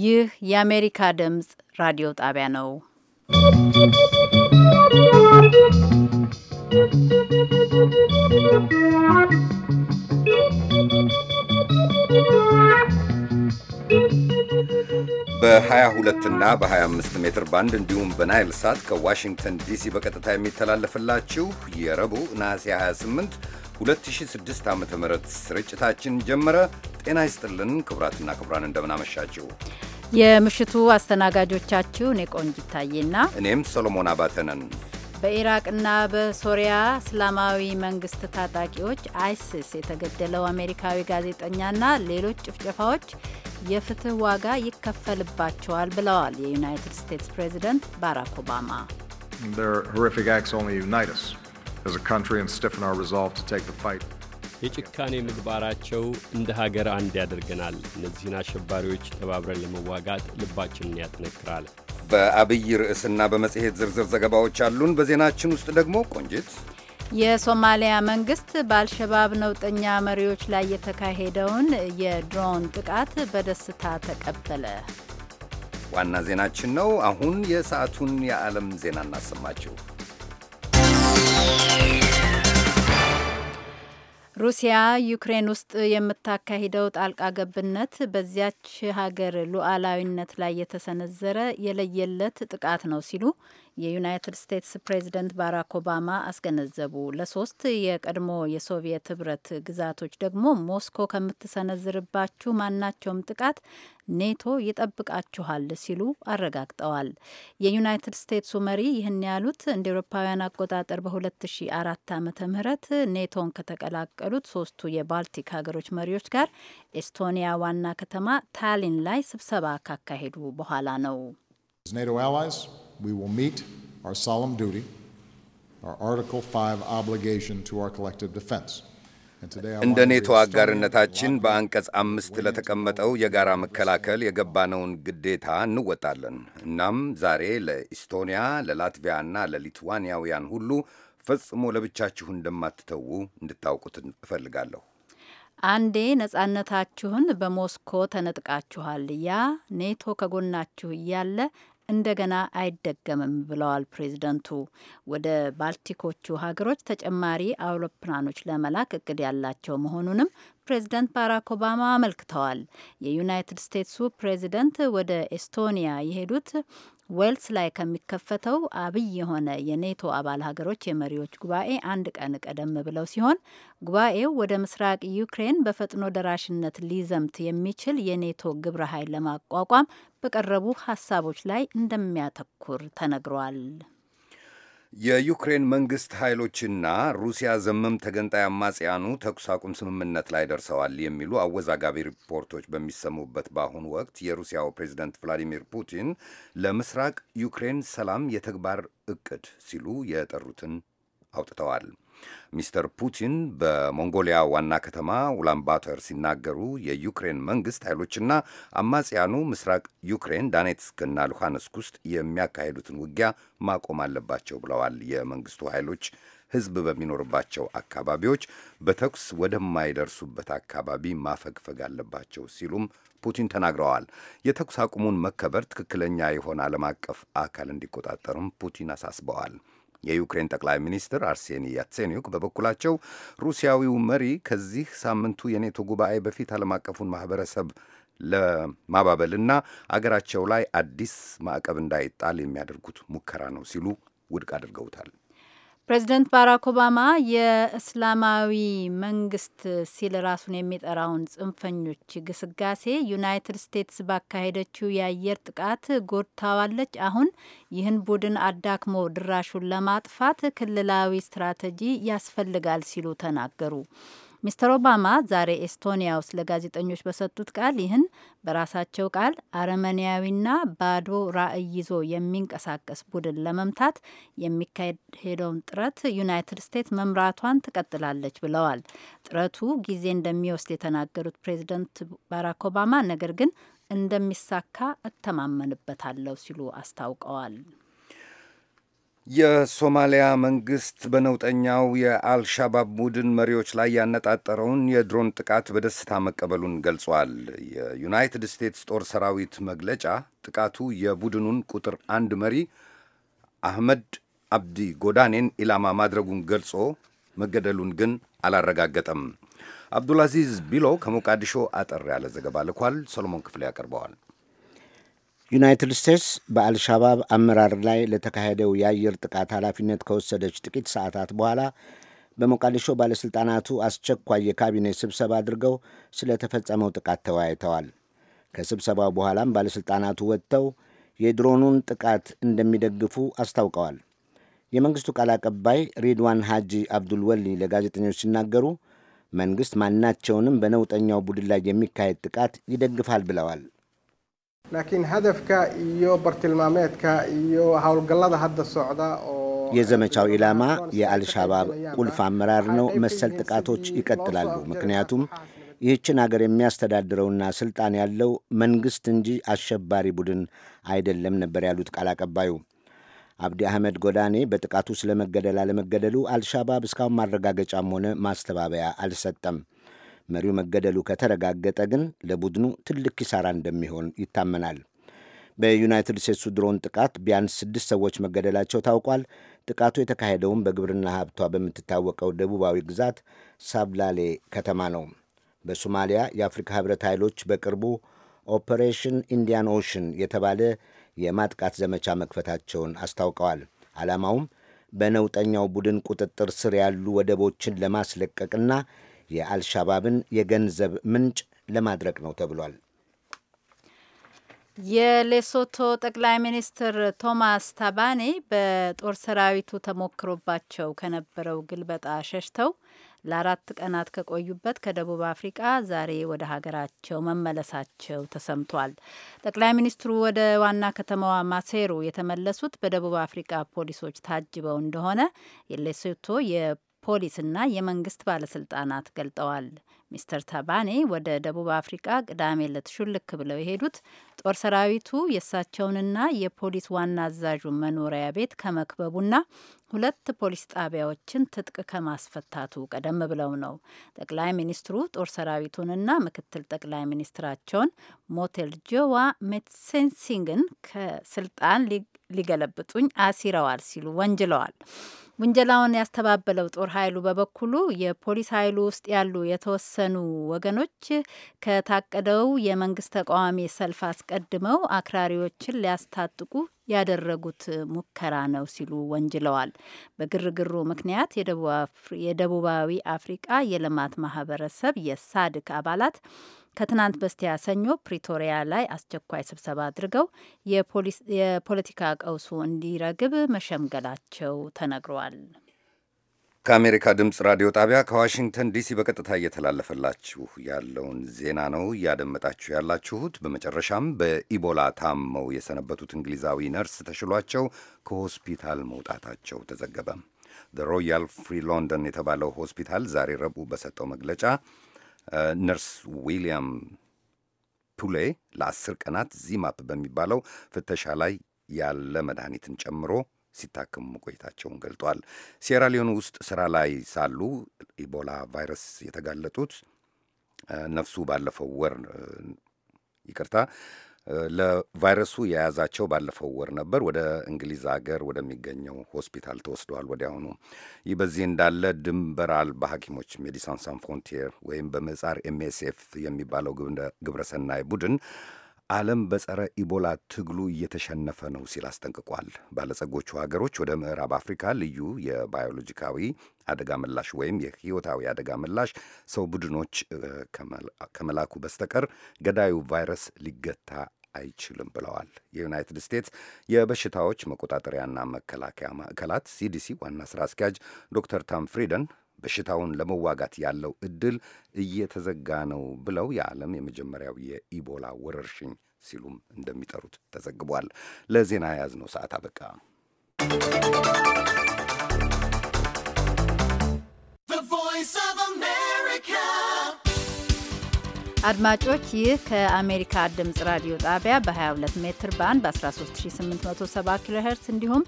ይህ የአሜሪካ ድምፅ ራዲዮ ጣቢያ ነው። በ22 እና በ25 ሜትር ባንድ እንዲሁም በናይል ሳት ከዋሽንግተን ዲሲ በቀጥታ የሚተላለፍላችሁ የረቡዕ ነሐሴ 28 2006 ዓ ም ስርጭታችን ጀመረ። ጤና ይስጥልን ክቡራትና ክቡራን፣ እንደምናመሻችሁ። የምሽቱ አስተናጋጆቻችሁ እኔ ቆንጅ ታዬና እኔም ሶሎሞን አባተ ነን። በኢራቅና በሶሪያ እስላማዊ መንግስት ታጣቂዎች አይሲስ የተገደለው አሜሪካዊ ጋዜጠኛና ሌሎች ጭፍጨፋዎች የፍትህ ዋጋ ይከፈልባቸዋል ብለዋል የዩናይትድ ስቴትስ ፕሬዚደንት ባራክ ኦባማ። የጭካኔ ምግባራቸው እንደ ሀገር አንድ ያደርገናል። እነዚህን አሸባሪዎች ተባብረን ለመዋጋት ልባችንን ያጠነክራል። በአብይ ርዕስና በመጽሔት ዝርዝር ዘገባዎች አሉን። በዜናችን ውስጥ ደግሞ ቆንጅት የሶማሊያ መንግስት በአልሸባብ ነውጠኛ መሪዎች ላይ የተካሄደውን የድሮን ጥቃት በደስታ ተቀበለ። ዋና ዜናችን ነው። አሁን የሰዓቱን የዓለም ዜና እናሰማችሁ። ሩሲያ ዩክሬን ውስጥ የምታካሂደው ጣልቃ ገብነት በዚያች ሀገር ሉዓላዊነት ላይ የተሰነዘረ የለየለት ጥቃት ነው ሲሉ የዩናይትድ ስቴትስ ፕሬዚደንት ባራክ ኦባማ አስገነዘቡ። ለሶስት የቀድሞ የሶቪየት ህብረት ግዛቶች ደግሞ ሞስኮ ከምትሰነዝርባችሁ ማናቸውም ጥቃት ኔቶ ይጠብቃችኋል ሲሉ አረጋግጠዋል። የዩናይትድ ስቴትሱ መሪ ይህን ያሉት እንደ ኤሮፓውያን አቆጣጠር በ2004 ዓመተ ምህረት ኔቶን ከተቀላቀሉት ሶስቱ የባልቲክ ሀገሮች መሪዎች ጋር ኤስቶኒያ ዋና ከተማ ታሊን ላይ ስብሰባ ካካሄዱ በኋላ ነው። we will meet our solemn duty, our Article 5 obligation to our collective defense. እንደ ኔቶ አጋርነታችን በአንቀጽ አምስት ለተቀመጠው የጋራ መከላከል የገባነውን ግዴታ እንወጣለን። እናም ዛሬ ለኢስቶኒያ፣ ለላትቪያና ለሊትዋንያውያን ሁሉ ፈጽሞ ለብቻችሁ እንደማትተዉ እንድታውቁት እፈልጋለሁ። አንዴ ነጻነታችሁን በሞስኮ ተነጥቃችኋል። ያ ኔቶ ከጎናችሁ እያለ እንደገና አይደገምም ብለዋል ፕሬዝደንቱ። ወደ ባልቲኮቹ ሀገሮች ተጨማሪ አውሮፕላኖች ለመላክ እቅድ ያላቸው መሆኑንም ፕሬዚደንት ባራክ ኦባማ አመልክተዋል። የዩናይትድ ስቴትሱ ፕሬዚደንት ወደ ኤስቶኒያ የሄዱት ዌልስ ላይ ከሚከፈተው አብይ የሆነ የኔቶ አባል ሀገሮች የመሪዎች ጉባኤ አንድ ቀን ቀደም ብለው ሲሆን ጉባኤው ወደ ምስራቅ ዩክሬን በፈጥኖ ደራሽነት ሊዘምት የሚችል የኔቶ ግብረ ኃይል ለማቋቋም በቀረቡ ሀሳቦች ላይ እንደሚያተኩር ተነግሯል። የዩክሬን መንግስት ኃይሎችና ሩሲያ ዘመም ተገንጣይ አማጽያኑ ተኩስ አቁም ስምምነት ላይ ደርሰዋል የሚሉ አወዛጋቢ ሪፖርቶች በሚሰሙበት በአሁኑ ወቅት የሩሲያው ፕሬዚደንት ቭላዲሚር ፑቲን ለምስራቅ ዩክሬን ሰላም የተግባር እቅድ ሲሉ የጠሩትን አውጥተዋል። ሚስተር ፑቲን በሞንጎሊያ ዋና ከተማ ኡላምባተር ሲናገሩ የዩክሬን መንግስት ኃይሎችና አማጽያኑ ምስራቅ ዩክሬን ዳኔትስክና ሉሃንስክ ውስጥ የሚያካሄዱትን ውጊያ ማቆም አለባቸው ብለዋል። የመንግስቱ ኃይሎች ህዝብ በሚኖርባቸው አካባቢዎች በተኩስ ወደማይደርሱበት አካባቢ ማፈግፈግ አለባቸው ሲሉም ፑቲን ተናግረዋል። የተኩስ አቁሙን መከበር ትክክለኛ የሆነ ዓለም አቀፍ አካል እንዲቆጣጠርም ፑቲን አሳስበዋል። የዩክሬን ጠቅላይ ሚኒስትር አርሴኒ ያትሴኒዩክ በበኩላቸው ሩሲያዊው መሪ ከዚህ ሳምንቱ የኔቶ ጉባኤ በፊት ዓለም አቀፉን ማህበረሰብ ለማባበልና አገራቸው ላይ አዲስ ማዕቀብ እንዳይጣል የሚያደርጉት ሙከራ ነው ሲሉ ውድቅ አድርገውታል። ፕሬዚደንት ባራክ ኦባማ የእስላማዊ መንግስት ሲል ራሱን የሚጠራውን ጽንፈኞች ግስጋሴ ዩናይትድ ስቴትስ ባካሄደችው የአየር ጥቃት ጎድታዋለች፣ አሁን ይህን ቡድን አዳክሞ ድራሹን ለማጥፋት ክልላዊ ስትራቴጂ ያስፈልጋል ሲሉ ተናገሩ። ሚስተር ኦባማ ዛሬ ኤስቶኒያ ውስጥ ለጋዜጠኞች በሰጡት ቃል ይህን በራሳቸው ቃል አረመኔያዊና ባዶ ራዕይ ይዞ የሚንቀሳቀስ ቡድን ለመምታት የሚካሄደውን ጥረት ዩናይትድ ስቴትስ መምራቷን ትቀጥላለች ብለዋል። ጥረቱ ጊዜ እንደሚወስድ የተናገሩት ፕሬዚደንት ባራክ ኦባማ ነገር ግን እንደሚሳካ እተማመንበታለሁ ሲሉ አስታውቀዋል። የሶማሊያ መንግስት በነውጠኛው የአልሻባብ ቡድን መሪዎች ላይ ያነጣጠረውን የድሮን ጥቃት በደስታ መቀበሉን ገልጿል። የዩናይትድ ስቴትስ ጦር ሰራዊት መግለጫ ጥቃቱ የቡድኑን ቁጥር አንድ መሪ አህመድ አብዲ ጎዳኔን ኢላማ ማድረጉን ገልጾ መገደሉን ግን አላረጋገጠም። አብዱልአዚዝ ቢሎ ከሞቃዲሾ አጠር ያለ ዘገባ ልኳል። ሰሎሞን ክፍሌ ያቀርበዋል። ዩናይትድ ስቴትስ በአልሻባብ አመራር ላይ ለተካሄደው የአየር ጥቃት ኃላፊነት ከወሰደች ጥቂት ሰዓታት በኋላ በሞቃዲሾ ባለሥልጣናቱ አስቸኳይ የካቢኔ ስብሰባ አድርገው ስለተፈጸመው ጥቃት ተወያይተዋል። ከስብሰባው በኋላም ባለሥልጣናቱ ወጥተው የድሮኑን ጥቃት እንደሚደግፉ አስታውቀዋል። የመንግሥቱ ቃል አቀባይ ሪድዋን ሃጂ አብዱል ወሊ ለጋዜጠኞች ሲናገሩ መንግሥት ማናቸውንም በነውጠኛው ቡድን ላይ የሚካሄድ ጥቃት ይደግፋል ብለዋል። የዘመቻው ኢላማ የአልሻባብ ቁልፍ አመራር ነው። መሰል ጥቃቶች ይቀጥላሉ። ምክንያቱም ይህችን አገር የሚያስተዳድረውና ስልጣን ያለው መንግስት እንጂ አሸባሪ ቡድን አይደለም ነበር ያሉት ቃል አቀባዩ አብዲ አህመድ ጎዳኔ በጥቃቱ ስለመገደል አለመገደሉ አልሻባብ እስካሁን ማረጋገጫም ሆነ ማስተባበያ አልሰጠም። መሪው መገደሉ ከተረጋገጠ ግን ለቡድኑ ትልቅ ኪሳራ እንደሚሆን ይታመናል። በዩናይትድ ስቴትሱ ድሮን ጥቃት ቢያንስ ስድስት ሰዎች መገደላቸው ታውቋል። ጥቃቱ የተካሄደውም በግብርና ሀብቷ በምትታወቀው ደቡባዊ ግዛት ሳብላሌ ከተማ ነው። በሶማሊያ የአፍሪካ ህብረት ኃይሎች በቅርቡ ኦፐሬሽን ኢንዲያን ኦሽን የተባለ የማጥቃት ዘመቻ መክፈታቸውን አስታውቀዋል። ዓላማውም በነውጠኛው ቡድን ቁጥጥር ስር ያሉ ወደቦችን ለማስለቀቅና የአልሻባብን የገንዘብ ምንጭ ለማድረግ ነው ተብሏል። የሌሶቶ ጠቅላይ ሚኒስትር ቶማስ ታባኔ በጦር ሰራዊቱ ተሞክሮባቸው ከነበረው ግልበጣ ሸሽተው ለአራት ቀናት ከቆዩበት ከደቡብ አፍሪቃ ዛሬ ወደ ሀገራቸው መመለሳቸው ተሰምቷል። ጠቅላይ ሚኒስትሩ ወደ ዋና ከተማዋ ማሴሩ የተመለሱት በደቡብ አፍሪቃ ፖሊሶች ታጅበው እንደሆነ የሌሶቶ ፖሊስና የመንግስት ባለስልጣናት ገልጠዋል። ሚስተር ታባኔ ወደ ደቡብ አፍሪቃ ቅዳሜ ዕለት ሹልክ ብለው የሄዱት ጦር ሰራዊቱ የእሳቸውንና የፖሊስ ዋና አዛዡ መኖሪያ ቤት ከመክበቡና ሁለት ፖሊስ ጣቢያዎችን ትጥቅ ከማስፈታቱ ቀደም ብለው ነው። ጠቅላይ ሚኒስትሩ ጦር ሰራዊቱንና ምክትል ጠቅላይ ሚኒስትራቸውን ሞቴል ጆዋ ሜትሴንሲንግን ከስልጣን ሊገለብጡኝ አሲረዋል ሲሉ ወንጅለዋል። ውንጀላውን ያስተባበለው ጦር ኃይሉ በበኩሉ የፖሊስ ኃይሉ ውስጥ ያሉ የተወሰኑ ወገኖች ከታቀደው የመንግስት ተቃዋሚ ሰልፍ አስቀድመው አክራሪዎችን ሊያስታጥቁ ያደረጉት ሙከራ ነው ሲሉ ወንጅለዋል። በግርግሩ ምክንያት የደቡባዊ አፍሪቃ የልማት ማህበረሰብ የሳድክ አባላት ከትናንት በስቲያ ሰኞ ፕሪቶሪያ ላይ አስቸኳይ ስብሰባ አድርገው የፖለቲካ ቀውሱ እንዲረግብ መሸምገላቸው ተነግሯል። ከአሜሪካ ድምፅ ራዲዮ ጣቢያ ከዋሽንግተን ዲሲ በቀጥታ እየተላለፈላችሁ ያለውን ዜና ነው እያደመጣችሁ ያላችሁት። በመጨረሻም በኢቦላ ታመው የሰነበቱት እንግሊዛዊ ነርስ ተሽሏቸው ከሆስፒታል መውጣታቸው ተዘገበ። ዘ ሮያል ፍሪ ሎንደን የተባለው ሆስፒታል ዛሬ ረቡዕ በሰጠው መግለጫ ነርስ ዊሊያም ቱሌ ለአስር ቀናት ዚማፕ በሚባለው ፍተሻ ላይ ያለ መድኃኒትን ጨምሮ ሲታከሙ መቆየታቸውን ገልጧል። ሴራሊዮን ውስጥ ስራ ላይ ሳሉ ኢቦላ ቫይረስ የተጋለጡት ነፍሱ ባለፈው ወር ይቅርታ ለቫይረሱ የያዛቸው ባለፈው ወር ነበር። ወደ እንግሊዝ ሀገር ወደሚገኘው ሆስፒታል ተወስደዋል ወዲያውኑ። ይህ በዚህ እንዳለ ድንበር አልባ ሐኪሞች ሜዲሳን ሳን ፍሮንቲር ወይም በምህጻር ኤምኤስኤፍ የሚባለው ግብረሰናይ ቡድን ዓለም በጸረ ኢቦላ ትግሉ እየተሸነፈ ነው ሲል አስጠንቅቋል። ባለጸጎቹ ሀገሮች ወደ ምዕራብ አፍሪካ ልዩ የባዮሎጂካዊ አደጋ ምላሽ ወይም የህይወታዊ አደጋ ምላሽ ሰው ቡድኖች ከመላኩ በስተቀር ገዳዩ ቫይረስ ሊገታ አይችልም ብለዋል። የዩናይትድ ስቴትስ የበሽታዎች መቆጣጠሪያና መከላከያ ማዕከላት ሲዲሲ ዋና ስራ አስኪያጅ ዶክተር ታም ፍሪደን በሽታውን ለመዋጋት ያለው እድል እየተዘጋ ነው ብለው የዓለም የመጀመሪያው የኢቦላ ወረርሽኝ ሲሉም እንደሚጠሩት ተዘግቧል። ለዜና የያዝነው ሰዓት አበቃ። አድማጮች ይህ ከአሜሪካ ድምፅ ራዲዮ ጣቢያ በ22 ሜትር ባንድ በ13870 ኪሎ ሄርትስ እንዲሁም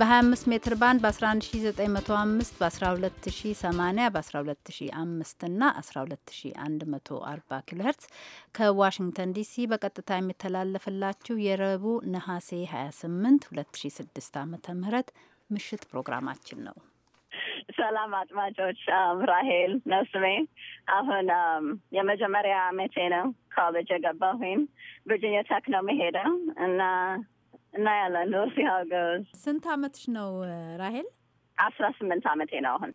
በ25 ሜትር ባንድ በ11905 በ12080 በ12005 እና 12140 ኪሎ ሄርትስ ከዋሽንግተን ዲሲ በቀጥታ የሚተላለፍላችሁ የረቡዕ ነሐሴ 28 2006 ዓ ም ምሽት ፕሮግራማችን ነው። ሰላም አጥማጮች ራሄል ነስሜ አሁን የመጀመሪያ አመቴ ነው ኮሌጅ የገባሁኝ። ቨርጂኒያ ቴክ ነው መሄደው እና እናያለን ሲሀገዝ። ስንት አመትሽ ነው ራሄል? አስራ ስምንት አመቴ ነው አሁን።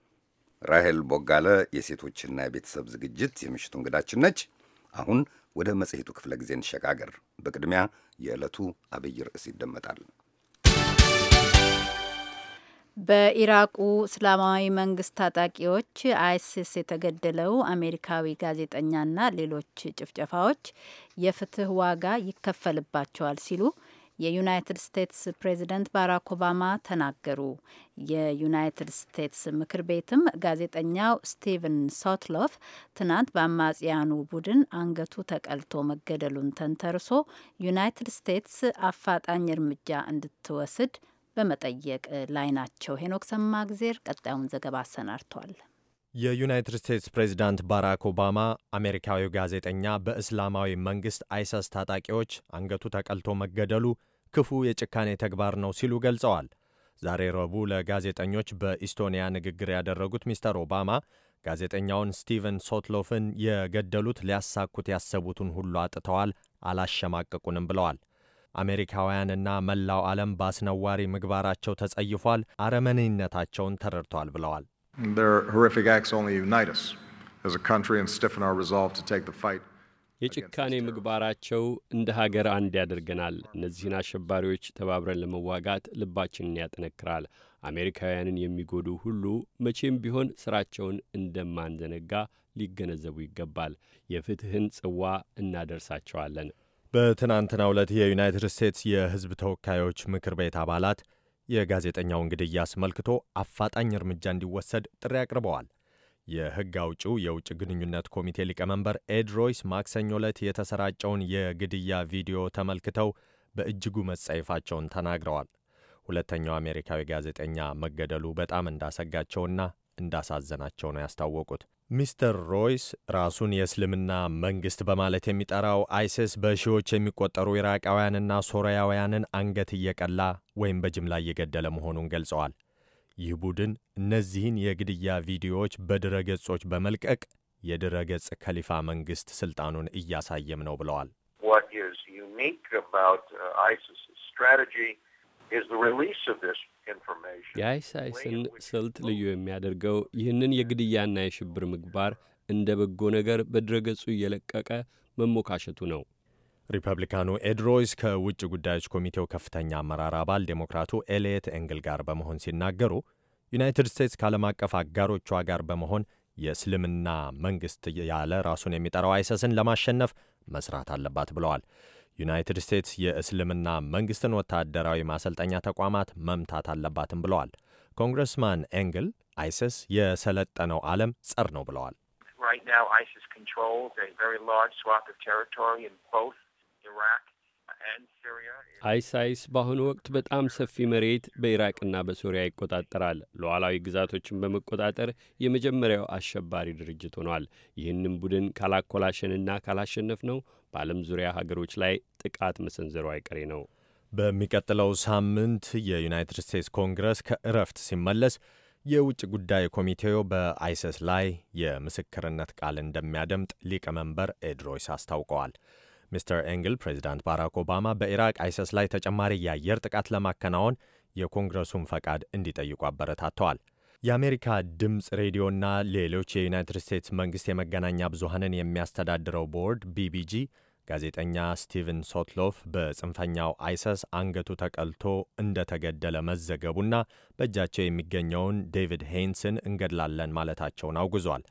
ራሄል ቦጋለ የሴቶችና የቤተሰብ ዝግጅት የምሽቱ እንግዳችን ነች። አሁን ወደ መጽሔቱ ክፍለ ጊዜ እንሸጋገር። በቅድሚያ የዕለቱ አብይ ርዕስ ይደመጣል። በኢራቁ እስላማዊ መንግስት ታጣቂዎች አይሲስ የተገደለው አሜሪካዊ ጋዜጠኛና ሌሎች ጭፍጨፋዎች የፍትህ ዋጋ ይከፈልባቸዋል ሲሉ የዩናይትድ ስቴትስ ፕሬዚደንት ባራክ ኦባማ ተናገሩ። የዩናይትድ ስቴትስ ምክር ቤትም ጋዜጠኛው ስቲቨን ሶትሎፍ ትናንት በአማጽያኑ ቡድን አንገቱ ተቀልቶ መገደሉን ተንተርሶ ዩናይትድ ስቴትስ አፋጣኝ እርምጃ እንድትወስድ በመጠየቅ ላይ ናቸው። ሄኖክ ሰማእግዜር ቀጣዩን ዘገባ አሰናድቷል። የዩናይትድ ስቴትስ ፕሬዚዳንት ባራክ ኦባማ አሜሪካዊው ጋዜጠኛ በእስላማዊ መንግሥት አይሰስ ታጣቂዎች አንገቱ ተቀልቶ መገደሉ ክፉ የጭካኔ ተግባር ነው ሲሉ ገልጸዋል። ዛሬ ረቡዕ ለጋዜጠኞች በኢስቶኒያ ንግግር ያደረጉት ሚስተር ኦባማ ጋዜጠኛውን ስቲቨን ሶትሎፍን የገደሉት ሊያሳኩት ያሰቡትን ሁሉ አጥተዋል፣ አላሸማቀቁንም ብለዋል። አሜሪካውያንና መላው ዓለም በአስነዋሪ ምግባራቸው ተጸይፏል፣ አረመኔነታቸውን ተረድቷል ብለዋል። የጭካኔ ምግባራቸው እንደ ሀገር አንድ ያደርገናል። እነዚህን አሸባሪዎች ተባብረን ለመዋጋት ልባችንን ያጠነክራል። አሜሪካውያንን የሚጎዱ ሁሉ መቼም ቢሆን ስራቸውን እንደማንዘነጋ ሊገነዘቡ ይገባል። የፍትህን ጽዋ እናደርሳቸዋለን። በትናንትናው ዕለት የዩናይትድ ስቴትስ የሕዝብ ተወካዮች ምክር ቤት አባላት የጋዜጠኛውን ግድያ አስመልክቶ አፋጣኝ እርምጃ እንዲወሰድ ጥሪ አቅርበዋል። የሕግ አውጪው የውጭ ግንኙነት ኮሚቴ ሊቀመንበር ኤድ ሮይስ ማክሰኞ ዕለት የተሰራጨውን የግድያ ቪዲዮ ተመልክተው በእጅጉ መጸየፋቸውን ተናግረዋል። ሁለተኛው አሜሪካዊ ጋዜጠኛ መገደሉ በጣም እንዳሰጋቸውና እንዳሳዘናቸው ነው ያስታወቁት። ሚስተር ሮይስ ራሱን የእስልምና መንግሥት በማለት የሚጠራው አይሲስ በሺዎች የሚቆጠሩ ኢራቃውያንና ሶርያውያንን አንገት እየቀላ ወይም በጅምላ እየገደለ መሆኑን ገልጸዋል። ይህ ቡድን እነዚህን የግድያ ቪዲዮዎች በድረ ገጾች በመልቀቅ የድረ ገጽ ከሊፋ መንግሥት ሥልጣኑን እያሳየም ነው ብለዋል። የአይሲስ ስልት ልዩ የሚያደርገው ይህንን የግድያና የሽብር ምግባር እንደ በጎ ነገር በድረገጹ እየለቀቀ መሞካሸቱ ነው። ሪፐብሊካኑ ኤድ ሮይስ ከውጭ ጉዳዮች ኮሚቴው ከፍተኛ አመራር አባል ዴሞክራቱ ኤልየት ኤንግል ጋር በመሆን ሲናገሩ ዩናይትድ ስቴትስ ከዓለም አቀፍ አጋሮቿ ጋር በመሆን የእስልምና መንግሥት ያለ ራሱን የሚጠራው አይሰስን ለማሸነፍ መስራት አለባት ብለዋል። ዩናይትድ ስቴትስ የእስልምና መንግስትን ወታደራዊ ማሰልጠኛ ተቋማት መምታት አለባትም ብለዋል። ኮንግረስማን ኤንግል አይስስ የሰለጠነው ዓለም ጸር ነው ብለዋል። right now ISIS controls ቨሪ ላርጅ ስዋት ኦፍ ቴሪቶሪ ኢን in ኢራቅ አይሳይስ በአሁኑ ወቅት በጣም ሰፊ መሬት በኢራቅና በሶሪያ ይቆጣጠራል። ሉዓላዊ ግዛቶችን በመቆጣጠር የመጀመሪያው አሸባሪ ድርጅት ሆኗል። ይህንም ቡድን ካላኮላሸንና ካላሸነፍ ነው በዓለም ዙሪያ ሀገሮች ላይ ጥቃት መሰንዘሩ አይቀሬ ነው። በሚቀጥለው ሳምንት የዩናይትድ ስቴትስ ኮንግረስ ከእረፍት ሲመለስ የውጭ ጉዳይ ኮሚቴው በአይሰስ ላይ የምስክርነት ቃል እንደሚያደምጥ ሊቀመንበር ኤድሮይስ አስታውቀዋል። ሚስተር ኤንግል ፕሬዚዳንት ባራክ ኦባማ በኢራቅ አይሰስ ላይ ተጨማሪ የአየር ጥቃት ለማከናወን የኮንግረሱን ፈቃድ እንዲጠይቁ አበረታተዋል። የአሜሪካ ድምፅ ሬዲዮና ሌሎች የዩናይትድ ስቴትስ መንግሥት የመገናኛ ብዙሃንን የሚያስተዳድረው ቦርድ ቢቢጂ ጋዜጠኛ ስቲቨን ሶትሎፍ በጽንፈኛው አይሰስ አንገቱ ተቀልቶ እንደተገደለ መዘገቡና በእጃቸው የሚገኘውን ዴቪድ ሄይንስን እንገድላለን ማለታቸውን አውግዟል።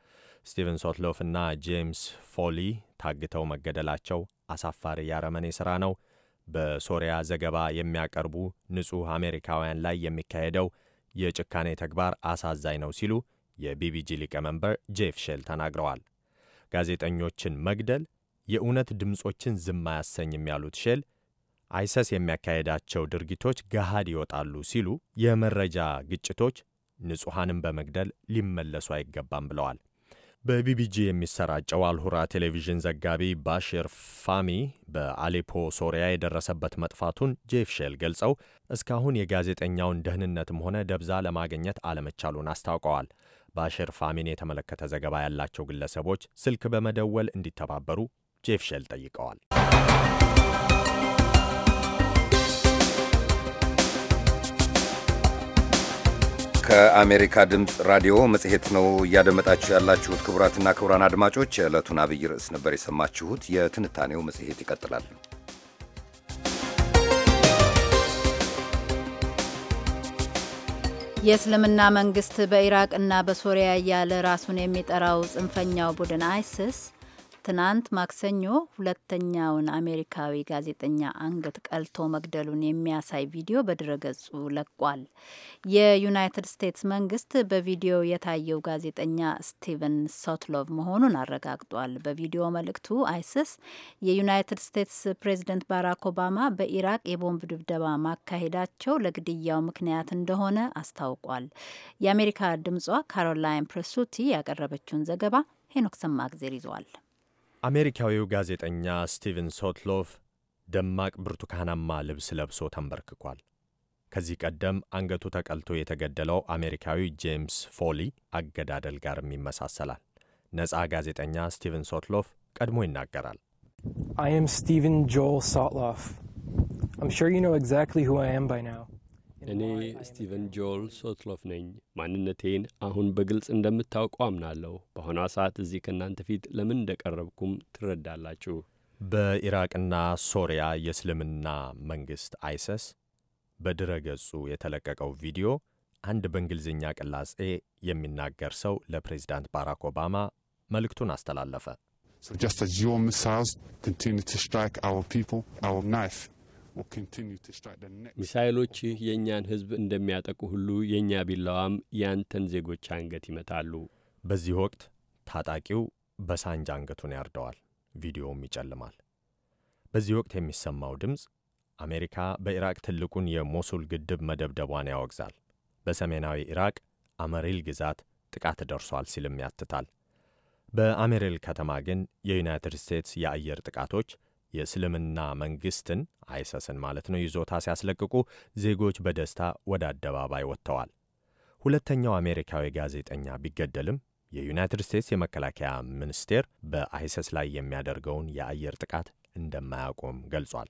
ስቲቨን እና ጄምስ ፎሊ ታግተው መገደላቸው አሳፋሪ የአረመኔ ሥራ ነው። በሶሪያ ዘገባ የሚያቀርቡ ንጹሕ አሜሪካውያን ላይ የሚካሄደው የጭካኔ ተግባር አሳዛኝ ነው ሲሉ የቢቢጂ ሊቀመንበር ጄፍ ሼል ተናግረዋል። ጋዜጠኞችን መግደል የእውነት ድምፆችን ዝም አያሰኝም ያሉት ሼል አይሰስ የሚያካሄዳቸው ድርጊቶች ገሃድ ይወጣሉ ሲሉ የመረጃ ግጭቶች ንጹሐንን በመግደል ሊመለሱ አይገባም ብለዋል። በቢቢጂ የሚሰራጨው አልሁራ ቴሌቪዥን ዘጋቢ ባሽር ፋሚ በአሌፖ ሶሪያ የደረሰበት መጥፋቱን ጄፍ ሼል ገልጸው እስካሁን የጋዜጠኛውን ደህንነትም ሆነ ደብዛ ለማግኘት አለመቻሉን አስታውቀዋል። ባሽር ፋሚን የተመለከተ ዘገባ ያላቸው ግለሰቦች ስልክ በመደወል እንዲተባበሩ ጄፍ ሼል ጠይቀዋል። ከአሜሪካ ድምፅ ራዲዮ መጽሔት ነው እያደመጣችሁ ያላችሁት። ክቡራትና ክቡራን አድማጮች የዕለቱን አብይ ርዕስ ነበር የሰማችሁት። የትንታኔው መጽሔት ይቀጥላል። የእስልምና መንግስት በኢራቅና በሶሪያ እያለ ራሱን የሚጠራው ጽንፈኛው ቡድን አይስስ ትናንት ማክሰኞ ሁለተኛውን አሜሪካዊ ጋዜጠኛ አንገት ቀልቶ መግደሉን የሚያሳይ ቪዲዮ በድረገጹ ለቋል። የዩናይትድ ስቴትስ መንግስት በቪዲዮ የታየው ጋዜጠኛ ስቲቨን ሶትሎቭ መሆኑን አረጋግጧል። በቪዲዮ መልእክቱ አይስስ የዩናይትድ ስቴትስ ፕሬዚደንት ባራክ ኦባማ በኢራቅ የቦምብ ድብደባ ማካሄዳቸው ለግድያው ምክንያት እንደሆነ አስታውቋል። የአሜሪካ ድምጿ ካሮላይን ፕሬሱቲ ያቀረበችውን ዘገባ ሄኖክ ሰማግዜር ይዟል። አሜሪካዊው ጋዜጠኛ ስቲቨን ሶትሎፍ ደማቅ ብርቱካናማ ልብስ ለብሶ ተንበርክኳል። ከዚህ ቀደም አንገቱ ተቀልቶ የተገደለው አሜሪካዊ ጄምስ ፎሊ አገዳደል ጋርም ይመሳሰላል። ነፃ ጋዜጠኛ ስቲቨን ሶትሎፍ ቀድሞ ይናገራል። ስቲቨን ጆል ሶትሎፍ እኔ ስቲቨን ጆል ሶትሎፍ ነኝ። ማንነቴን አሁን በግልጽ እንደምታውቁ አምናለሁ። በአሁኗ ሰዓት እዚህ ከእናንተ ፊት ለምን እንደቀረብኩም ትረዳላችሁ። በኢራቅና ሶሪያ የእስልምና መንግሥት አይሰስ በድረ ገጹ የተለቀቀው ቪዲዮ አንድ በእንግሊዝኛ ቅላጼ የሚናገር ሰው ለፕሬዚዳንት ባራክ ኦባማ መልእክቱን አስተላለፈ። So just ሚሳይልስ your missiles continue to strike our ሚሳይሎች የእኛን ሕዝብ እንደሚያጠቁ ሁሉ የእኛ ቢላዋም ያንተን ዜጎች አንገት ይመታሉ። በዚህ ወቅት ታጣቂው በሳንጃ አንገቱን ያርደዋል። ቪዲዮውም ይጨልማል። በዚህ ወቅት የሚሰማው ድምፅ አሜሪካ በኢራቅ ትልቁን የሞሱል ግድብ መደብደቧን ያወግዛል። በሰሜናዊ ኢራቅ አመሪል ግዛት ጥቃት ደርሷል ሲልም ያትታል። በአሜሪል ከተማ ግን የዩናይትድ ስቴትስ የአየር ጥቃቶች የእስልምና መንግስትን አይሰስን ማለት ነው ይዞታ ሲያስለቅቁ ዜጎች በደስታ ወደ አደባባይ ወጥተዋል። ሁለተኛው አሜሪካዊ ጋዜጠኛ ቢገደልም የዩናይትድ ስቴትስ የመከላከያ ሚኒስቴር በአይሰስ ላይ የሚያደርገውን የአየር ጥቃት እንደማያቆም ገልጿል።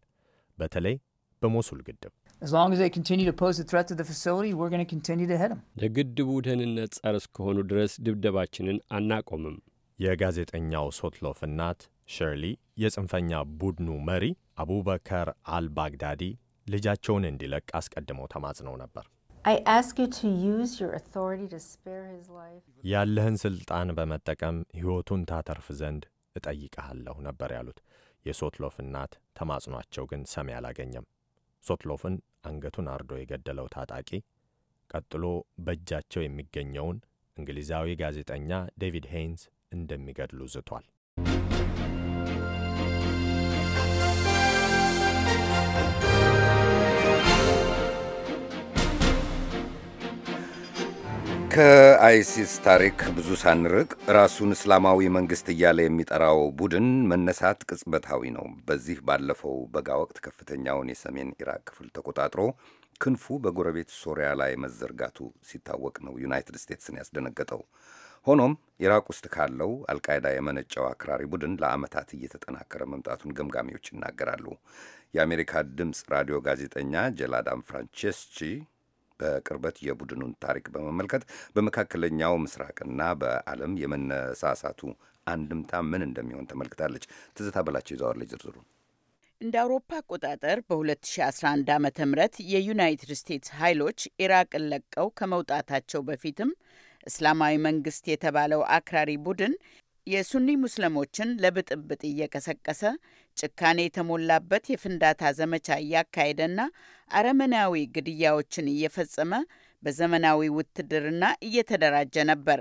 በተለይ በሞሱል ግድብ ለግድቡ ደህንነት ጸር እስከሆኑ ድረስ ድብደባችንን አናቆምም። የጋዜጠኛው ሶትሎፍ እናት ሸርሊ የጽንፈኛ ቡድኑ መሪ አቡበከር አልባግዳዲ ልጃቸውን እንዲለቅ አስቀድመው ተማጽነው ነበር። ያለህን ስልጣን በመጠቀም ሕይወቱን ታተርፍ ዘንድ እጠይቀሃለሁ ነበር ያሉት። የሶትሎፍ እናት ተማጽኗቸው ግን ሰሚ አላገኘም። ሶትሎፍን አንገቱን አርዶ የገደለው ታጣቂ ቀጥሎ በእጃቸው የሚገኘውን እንግሊዛዊ ጋዜጠኛ ዴቪድ ሄይንስ እንደሚገድሉ ዝቷል። ከአይሲስ ታሪክ ብዙ ሳንርቅ ራሱን እስላማዊ መንግሥት እያለ የሚጠራው ቡድን መነሳት ቅጽበታዊ ነው። በዚህ ባለፈው በጋ ወቅት ከፍተኛውን የሰሜን ኢራቅ ክፍል ተቆጣጥሮ ክንፉ በጎረቤት ሶሪያ ላይ መዘርጋቱ ሲታወቅ ነው ዩናይትድ ስቴትስን ያስደነገጠው። ሆኖም ኢራቅ ውስጥ ካለው አልቃይዳ የመነጨው አክራሪ ቡድን ለዓመታት እየተጠናከረ መምጣቱን ገምጋሚዎች ይናገራሉ። የአሜሪካ ድምፅ ራዲዮ ጋዜጠኛ ጀላዳም ፍራንቼስቺ በቅርበት የቡድኑን ታሪክ በመመልከት በመካከለኛው ምስራቅና በዓለም የመነሳሳቱ አንድምታ ምን እንደሚሆን ተመልክታለች። ትዝታ በላቸው ይዘዋለች ዝርዝሩ እንደ አውሮፓ አቆጣጠር በ2011 ዓ ም የዩናይትድ ስቴትስ ኃይሎች ኢራቅን ለቀው ከመውጣታቸው በፊትም እስላማዊ መንግስት የተባለው አክራሪ ቡድን የሱኒ ሙስሊሞችን ለብጥብጥ እየቀሰቀሰ ጭካኔ የተሞላበት የፍንዳታ ዘመቻ እያካሄደና አረመናዊ ግድያዎችን እየፈጸመ በዘመናዊ ውትድርና እየተደራጀ ነበር።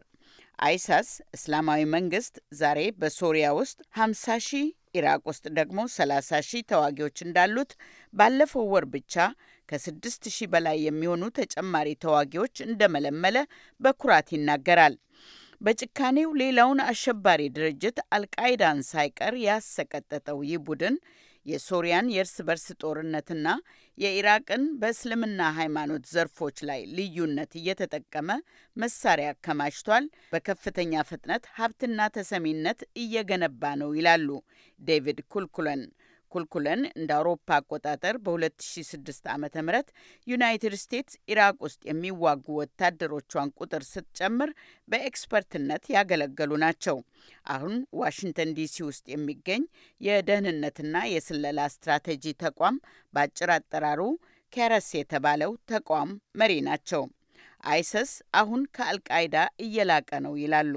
አይሳስ እስላማዊ መንግስት ዛሬ በሶሪያ ውስጥ 50 ሺህ ኢራቅ ውስጥ ደግሞ 30 ሺህ ተዋጊዎች እንዳሉት ባለፈው ወር ብቻ 6 ሺህ በላይ የሚሆኑ ተጨማሪ ተዋጊዎች እንደመለመለ በኩራት ይናገራል። በጭካኔው ሌላውን አሸባሪ ድርጅት አልቃይዳን ሳይቀር ያሰቀጠጠው ይህ ቡድን የሶሪያን የእርስ በርስ ጦርነትና የኢራቅን በእስልምና ሃይማኖት ዘርፎች ላይ ልዩነት እየተጠቀመ መሳሪያ አከማችቷል፣ በከፍተኛ ፍጥነት ሀብትና ተሰሚነት እየገነባ ነው ይላሉ ዴቪድ ኩልኩለን። ኩልኩለን እንደ አውሮፓ አቆጣጠር በ2006 ዓ ም ዩናይትድ ስቴትስ ኢራቅ ውስጥ የሚዋጉ ወታደሮቿን ቁጥር ስትጨምር በኤክስፐርትነት ያገለገሉ ናቸው። አሁን ዋሽንግተን ዲሲ ውስጥ የሚገኝ የደህንነትና የስለላ ስትራቴጂ ተቋም በአጭር አጠራሩ ኬረስ የተባለው ተቋም መሪ ናቸው። አይሰስ አሁን ከአልቃይዳ እየላቀ ነው ይላሉ።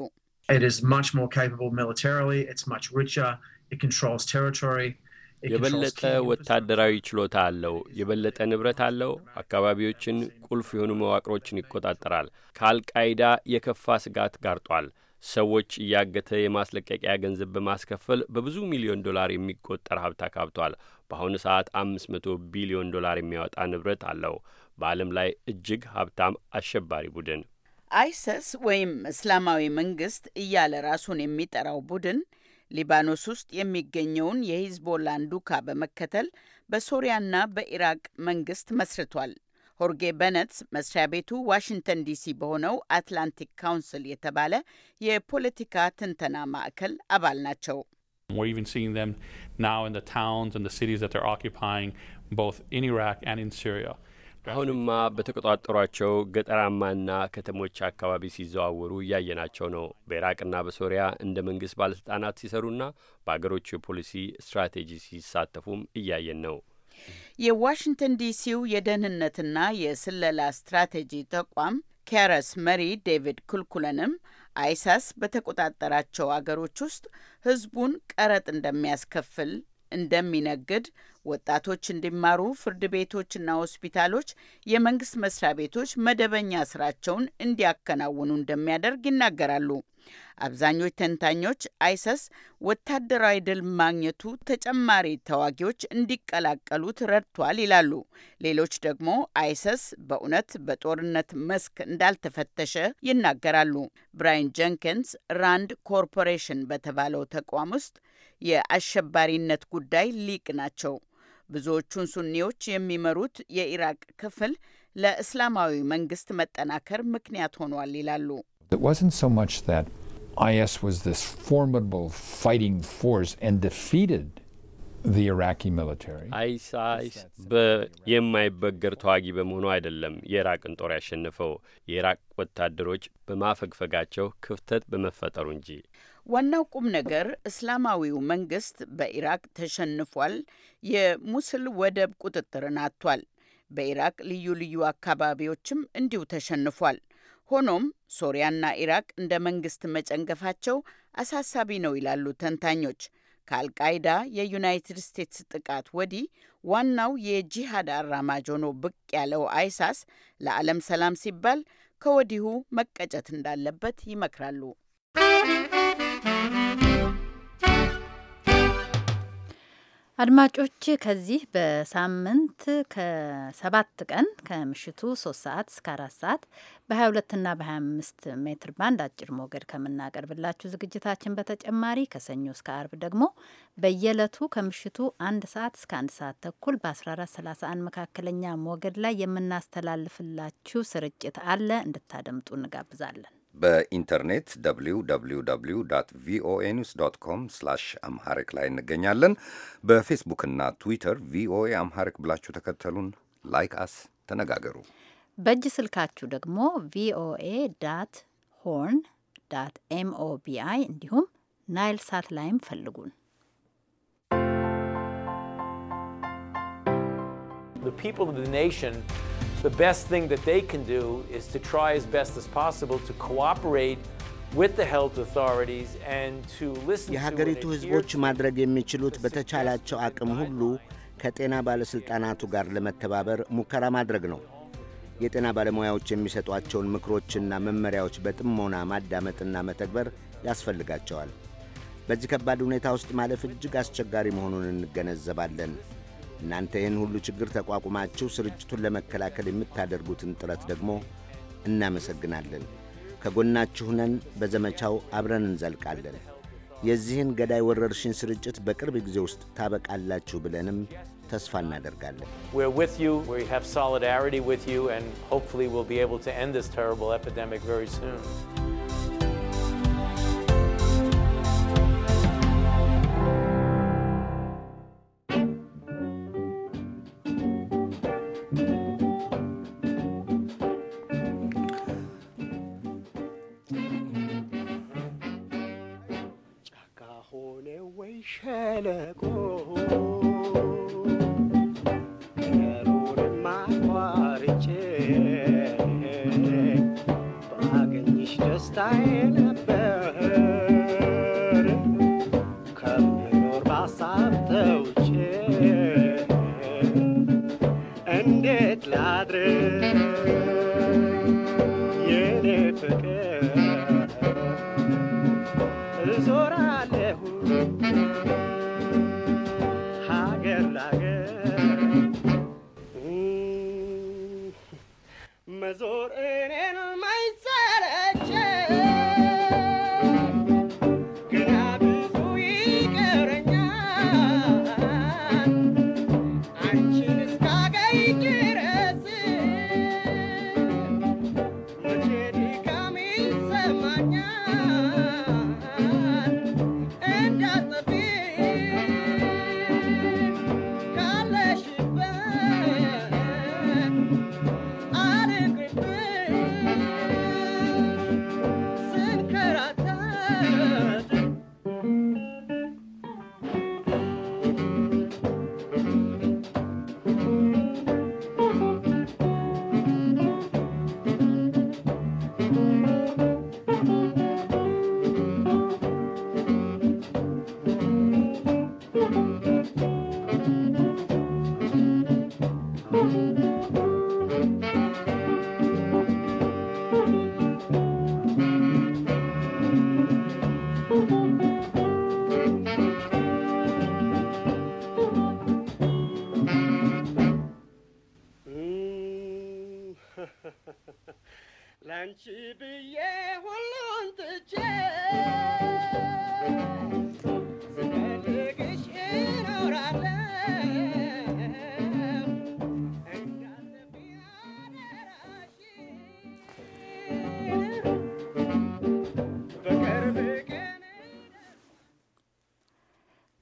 የበለጠ ወታደራዊ ችሎታ አለው፣ የበለጠ ንብረት አለው፣ አካባቢዎችን፣ ቁልፍ የሆኑ መዋቅሮችን ይቆጣጠራል። ከአልቃይዳ የከፋ ስጋት ጋርጧል። ሰዎች እያገተ የማስለቀቂያ ገንዘብ በማስከፈል በብዙ ሚሊዮን ዶላር የሚቆጠር ሀብት አካብቷል። በአሁኑ ሰዓት አምስት መቶ ቢሊዮን ዶላር የሚያወጣ ንብረት አለው። በዓለም ላይ እጅግ ሀብታም አሸባሪ ቡድን አይሰስ ወይም እስላማዊ መንግስት እያለ ራሱን የሚጠራው ቡድን ሊባኖስ ውስጥ የሚገኘውን የሂዝቦላን ዱካ በመከተል በሶሪያና በኢራቅ መንግስት መስርቷል። ሆርጌ በነትስ መስሪያ ቤቱ ዋሽንግተን ዲሲ በሆነው አትላንቲክ ካውንስል የተባለ የፖለቲካ ትንተና ማዕከል አባል ናቸው። ሲሪያ አሁንማ በተቆጣጠሯቸው ገጠራማና ከተሞች አካባቢ ሲዘዋወሩ እያየናቸው ነው። በኢራቅና በሶሪያ እንደ መንግስት ባለስልጣናት ሲሰሩና በአገሮቹ የፖሊሲ ስትራቴጂ ሲሳተፉም እያየን ነው። የዋሽንግተን ዲሲው የደህንነትና የስለላ ስትራቴጂ ተቋም ኬረስ መሪ ዴቪድ ኩልኩለንም አይሳስ በተቆጣጠራቸው አገሮች ውስጥ ህዝቡን ቀረጥ እንደሚያስከፍል እንደሚነግድ ወጣቶች እንዲማሩ ፍርድ ቤቶችና ሆስፒታሎች፣ የመንግስት መስሪያ ቤቶች መደበኛ ስራቸውን እንዲያከናውኑ እንደሚያደርግ ይናገራሉ። አብዛኞች ተንታኞች አይሰስ ወታደራዊ ድል ማግኘቱ ተጨማሪ ተዋጊዎች እንዲቀላቀሉት ረድቷል ይላሉ። ሌሎች ደግሞ አይሰስ በእውነት በጦርነት መስክ እንዳልተፈተሸ ይናገራሉ። ብራይን ጀንኪንስ ራንድ ኮርፖሬሽን በተባለው ተቋም ውስጥ የአሸባሪነት ጉዳይ ሊቅ ናቸው። ብዙዎቹን ሱኒዎች የሚመሩት የኢራቅ ክፍል ለእስላማዊ መንግስት መጠናከር ምክንያት ሆኗል ይላሉ። It wasn't so much that IS was this formidable fighting force and defeated the Iraqi military. አይሳይስ የማይበገር ተዋጊ በመሆኑ አይደለም የኢራቅን ጦር ያሸነፈው የኢራቅ ወታደሮች በማፈግፈጋቸው ክፍተት በመፈጠሩ እንጂ። ዋናው ቁም ነገር እስላማዊው መንግስት በኢራቅ ተሸንፏል፣ የሙስል ወደብ ቁጥጥርን አጥቷል። በኢራቅ ልዩ ልዩ አካባቢዎችም እንዲሁ ተሸንፏል። ሆኖም ሶሪያና ኢራቅ እንደ መንግስት መጨንገፋቸው አሳሳቢ ነው ይላሉ ተንታኞች። ከአልቃይዳ የዩናይትድ ስቴትስ ጥቃት ወዲህ ዋናው የጂሃድ አራማጅ ሆኖ ብቅ ያለው አይሳስ ለዓለም ሰላም ሲባል ከወዲሁ መቀጨት እንዳለበት ይመክራሉ። አድማጮች ከዚህ በሳምንት ከሰባት ቀን ከምሽቱ ሶስት ሰዓት እስከ አራት ሰዓት በሀያ ና በሀያ አምስት ሜትር ባንድ አጭር ሞገድ ከምናቀርብላችሁ ዝግጅታችን በተጨማሪ ከሰኞ እስከ አርብ ደግሞ በየዕለቱ ከምሽቱ አንድ ሰዓት እስከ አንድ ሰዓት ተኩል በአስራ አራት ሰላሳ አንድ መካከለኛ ሞገድ ላይ የምናስተላልፍላችሁ ስርጭት አለ። እንድታደምጡ እንጋብዛለን። በኢንተርኔት www ቪኦኤ ኒውስ ዶት ኮም ስላሽ አምሐሪክ ላይ እንገኛለን። በፌስቡክና ትዊተር ቪኦኤ አምሐሪክ ብላችሁ ተከተሉን፣ ላይክ አስ፣ ተነጋገሩ። በእጅ ስልካችሁ ደግሞ ቪኦኤ ዳት ሆርን ዳት ኤምኦቢአይ እንዲሁም ናይል ሳት ላይም ፈልጉን። The people of the nation The best thing that they can do is to try as best as possible to cooperate with the health authorities and to listen የሀገሪቱ ሕዝቦች ማድረግ የሚችሉት በተቻላቸው አቅም ሁሉ ከጤና ባለሥልጣናቱ ጋር ለመተባበር ሙከራ ማድረግ ነው። የጤና ባለሙያዎች የሚሰጧቸውን ምክሮችና መመሪያዎች በጥሞና ማዳመጥና መተግበር ያስፈልጋቸዋል። በዚህ ከባድ ሁኔታ ውስጥ ማለፍ እጅግ አስቸጋሪ መሆኑን እንገነዘባለን። እናንተ ይህን ሁሉ ችግር ተቋቁማችሁ ስርጭቱን ለመከላከል የምታደርጉትን ጥረት ደግሞ እናመሰግናለን። ከጎናችሁ ነን። በዘመቻው አብረን እንዘልቃለን። የዚህን ገዳይ ወረርሽኝ ስርጭት በቅርብ ጊዜ ውስጥ ታበቃላችሁ ብለንም ተስፋ እናደርጋለን። ሶ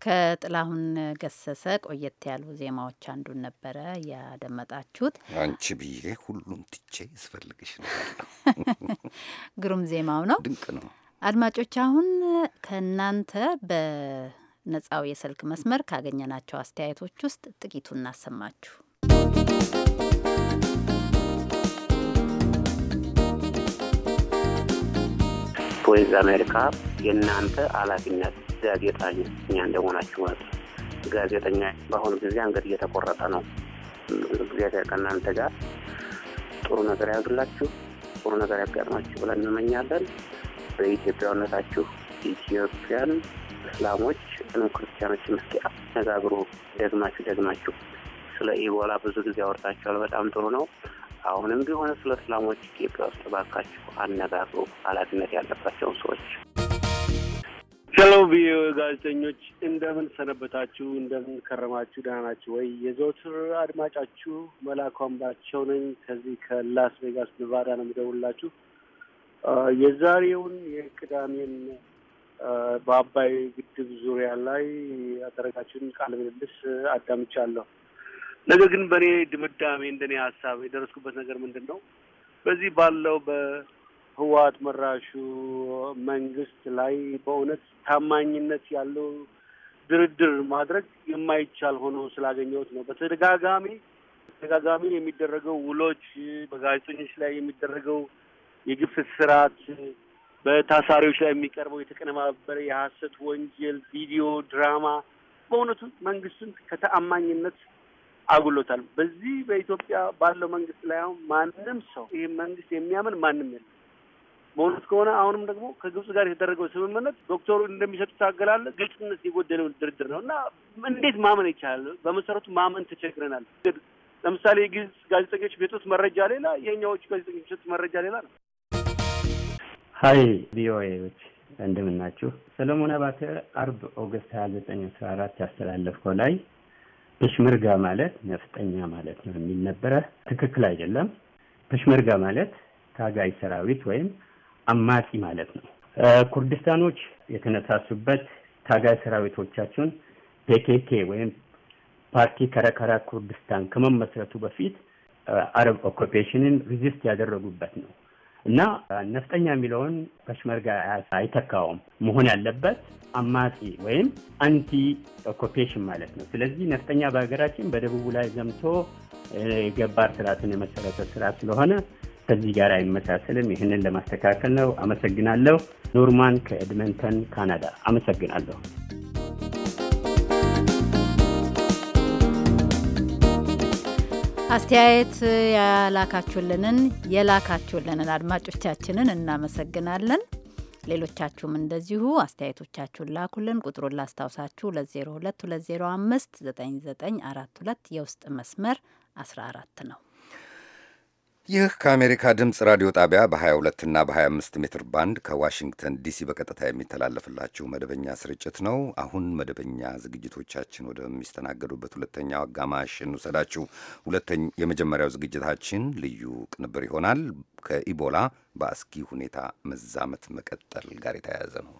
ከጥላሁን ገሰሰ ቆየት ያሉ ዜማዎች አንዱን ነበረ ያደመጣችሁት። አንቺ ብዬ ሁሉም ትቼ ያስፈልግሽ ነው። ግሩም ዜማው ነው፣ ድንቅ ነው። አድማጮች አሁን ከእናንተ በነጻው የስልክ መስመር ካገኘናቸው አስተያየቶች ውስጥ ጥቂቱ እናሰማችሁ። ቮይስ አሜሪካ የእናንተ ኃላፊነት ጋዜጠኛ እንደሆናችሁ ወጥ ጋዜጠኛ በአሁኑ ጊዜ አንገት እየተቆረጠ ነው። እግዚአብሔር ከእናንተ ጋር ጥሩ ነገር ያድርግላችሁ፣ ጥሩ ነገር ያጋጥማችሁ ብለን እንመኛለን። በኢትዮጵያዊነታችሁ ኢትዮጵያን እስላሞች ንም ክርስቲያኖች እስኪ አነጋግሩ ደግማችሁ ደግማችሁ። ስለ ኢቦላ ብዙ ጊዜ አወርታችኋል። በጣም ጥሩ ነው። አሁንም ቢሆን ስለ እስላሞች ኢትዮጵያ ውስጥ ባካችሁ አነጋግሩ ኃላፊነት ያለባቸውን ሰዎች። ሄሎ ቪኦኤ ጋዜጠኞች እንደምን ሰነበታችሁ? እንደምን ከረማችሁ? ደህና ናችሁ ወይ? የዘወትር አድማጫችሁ መላኩ አምባቸው ነኝ። ከዚህ ከላስ ቬጋስ ኔቫዳ ነው የምደውላችሁ። የዛሬውን የቅዳሜን በአባይ ግድብ ዙሪያ ላይ ያደረጋችሁን ቃለ ምልልስ አዳምቻለሁ። ነገር ግን በእኔ ድምዳሜ እንደኔ ሀሳብ የደረስኩበት ነገር ምንድን ነው? በዚህ ባለው በህወሓት መራሹ መንግስት ላይ በእውነት ታማኝነት ያለው ድርድር ማድረግ የማይቻል ሆኖ ስላገኘሁት ነው። በተደጋጋሚ ተደጋጋሚ የሚደረገው ውሎች፣ በጋዜጠኞች ላይ የሚደረገው የግፍ ስርዓት፣ በታሳሪዎች ላይ የሚቀርበው የተቀነባበረ የሀሰት ወንጀል ቪዲዮ ድራማ በእውነቱ መንግስትን ከተአማኝነት አጉሎታል። በዚህ በኢትዮጵያ ባለው መንግስት ላይ አሁን ማንም ሰው ይህ መንግስት የሚያምን ማንም የለም። በእውነት ከሆነ አሁንም ደግሞ ከግብጽ ጋር የተደረገው ስምምነት ዶክተሩ እንደሚሰጡት አገላለ ግልጽነት የጎደለው ድርድር ነው እና እንዴት ማመን ይቻላል? በመሰረቱ ማመን ተቸግረናል። ለምሳሌ የግብጽ ጋዜጠኞች ቤቶት መረጃ ሌላ፣ የእኛዎቹ ጋዜጠኞች ቤቶት መረጃ ሌላ ነው። ሀይ ቪኦኤዎች እንደምናችሁ። ሰለሞን አባተ አርብ ኦገስት ሀያ ዘጠኝ አስራ አራት ያስተላለፍከው ላይ ፔሽመርጋ ማለት ነፍጠኛ ማለት ነው የሚል ነበረ። ትክክል አይደለም። ፔሽመርጋ ማለት ታጋይ ሰራዊት ወይም አማጺ ማለት ነው። ኩርድስታኖች የተነሳሱበት ታጋይ ሰራዊቶቻቸውን ፔኬኬ ወይም ፓርቲ ከረከራ ኩርድስታን ከመመስረቱ በፊት አረብ ኦኩፔሽንን ሪዚስት ያደረጉበት ነው። እና ነፍጠኛ የሚለውን ፐሽመርጋ አይተካውም። መሆን ያለበት አማጺ ወይም አንቲ ኦኮፔሽን ማለት ነው። ስለዚህ ነፍጠኛ በሀገራችን በደቡቡ ላይ ዘምቶ የገባር ስርዓትን የመሰረተ ስርዓት ስለሆነ ከዚህ ጋር አይመሳሰልም። ይህንን ለማስተካከል ነው። አመሰግናለሁ። ኖርማን ከኤድመንተን ካናዳ አመሰግናለሁ። አስተያየት ያላካችሁልንን የላካችሁልንን አድማጮቻችንን እናመሰግናለን። ሌሎቻችሁም እንደዚሁ አስተያየቶቻችሁን ላኩልን። ቁጥሩን ላስታውሳችሁ 2022059942 የውስጥ መስመር 14 ነው። ይህ ከአሜሪካ ድምፅ ራዲዮ ጣቢያ በ22 እና በ25 ሜትር ባንድ ከዋሽንግተን ዲሲ በቀጥታ የሚተላለፍላችሁ መደበኛ ስርጭት ነው። አሁን መደበኛ ዝግጅቶቻችን ወደሚስተናገዱበት ሁለተኛው አጋማሽ እንውሰዳችሁ። የመጀመሪያው ዝግጅታችን ልዩ ቅንብር ይሆናል። ከኢቦላ በአስጊ ሁኔታ መዛመት መቀጠል ጋር የተያያዘ ነው።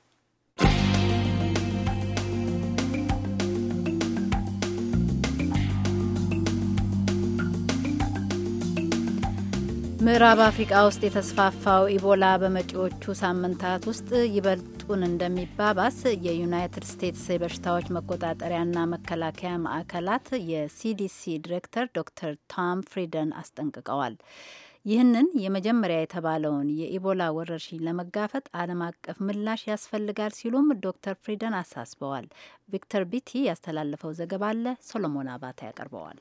ምዕራብ አፍሪቃ ውስጥ የተስፋፋው ኢቦላ በመጪዎቹ ሳምንታት ውስጥ ይበልጡን እንደሚባባስ የዩናይትድ ስቴትስ የበሽታዎች መቆጣጠሪያና መከላከያ ማዕከላት የሲዲሲ ዲሬክተር ዶክተር ቶም ፍሪደን አስጠንቅቀዋል። ይህንን የመጀመሪያ የተባለውን የኢቦላ ወረርሽኝ ለመጋፈጥ ዓለም አቀፍ ምላሽ ያስፈልጋል ሲሉም ዶክተር ፍሪደን አሳስበዋል። ቪክተር ቢቲ ያስተላለፈው ዘገባ አለ፣ ሶሎሞን አባታ ያቀርበዋል።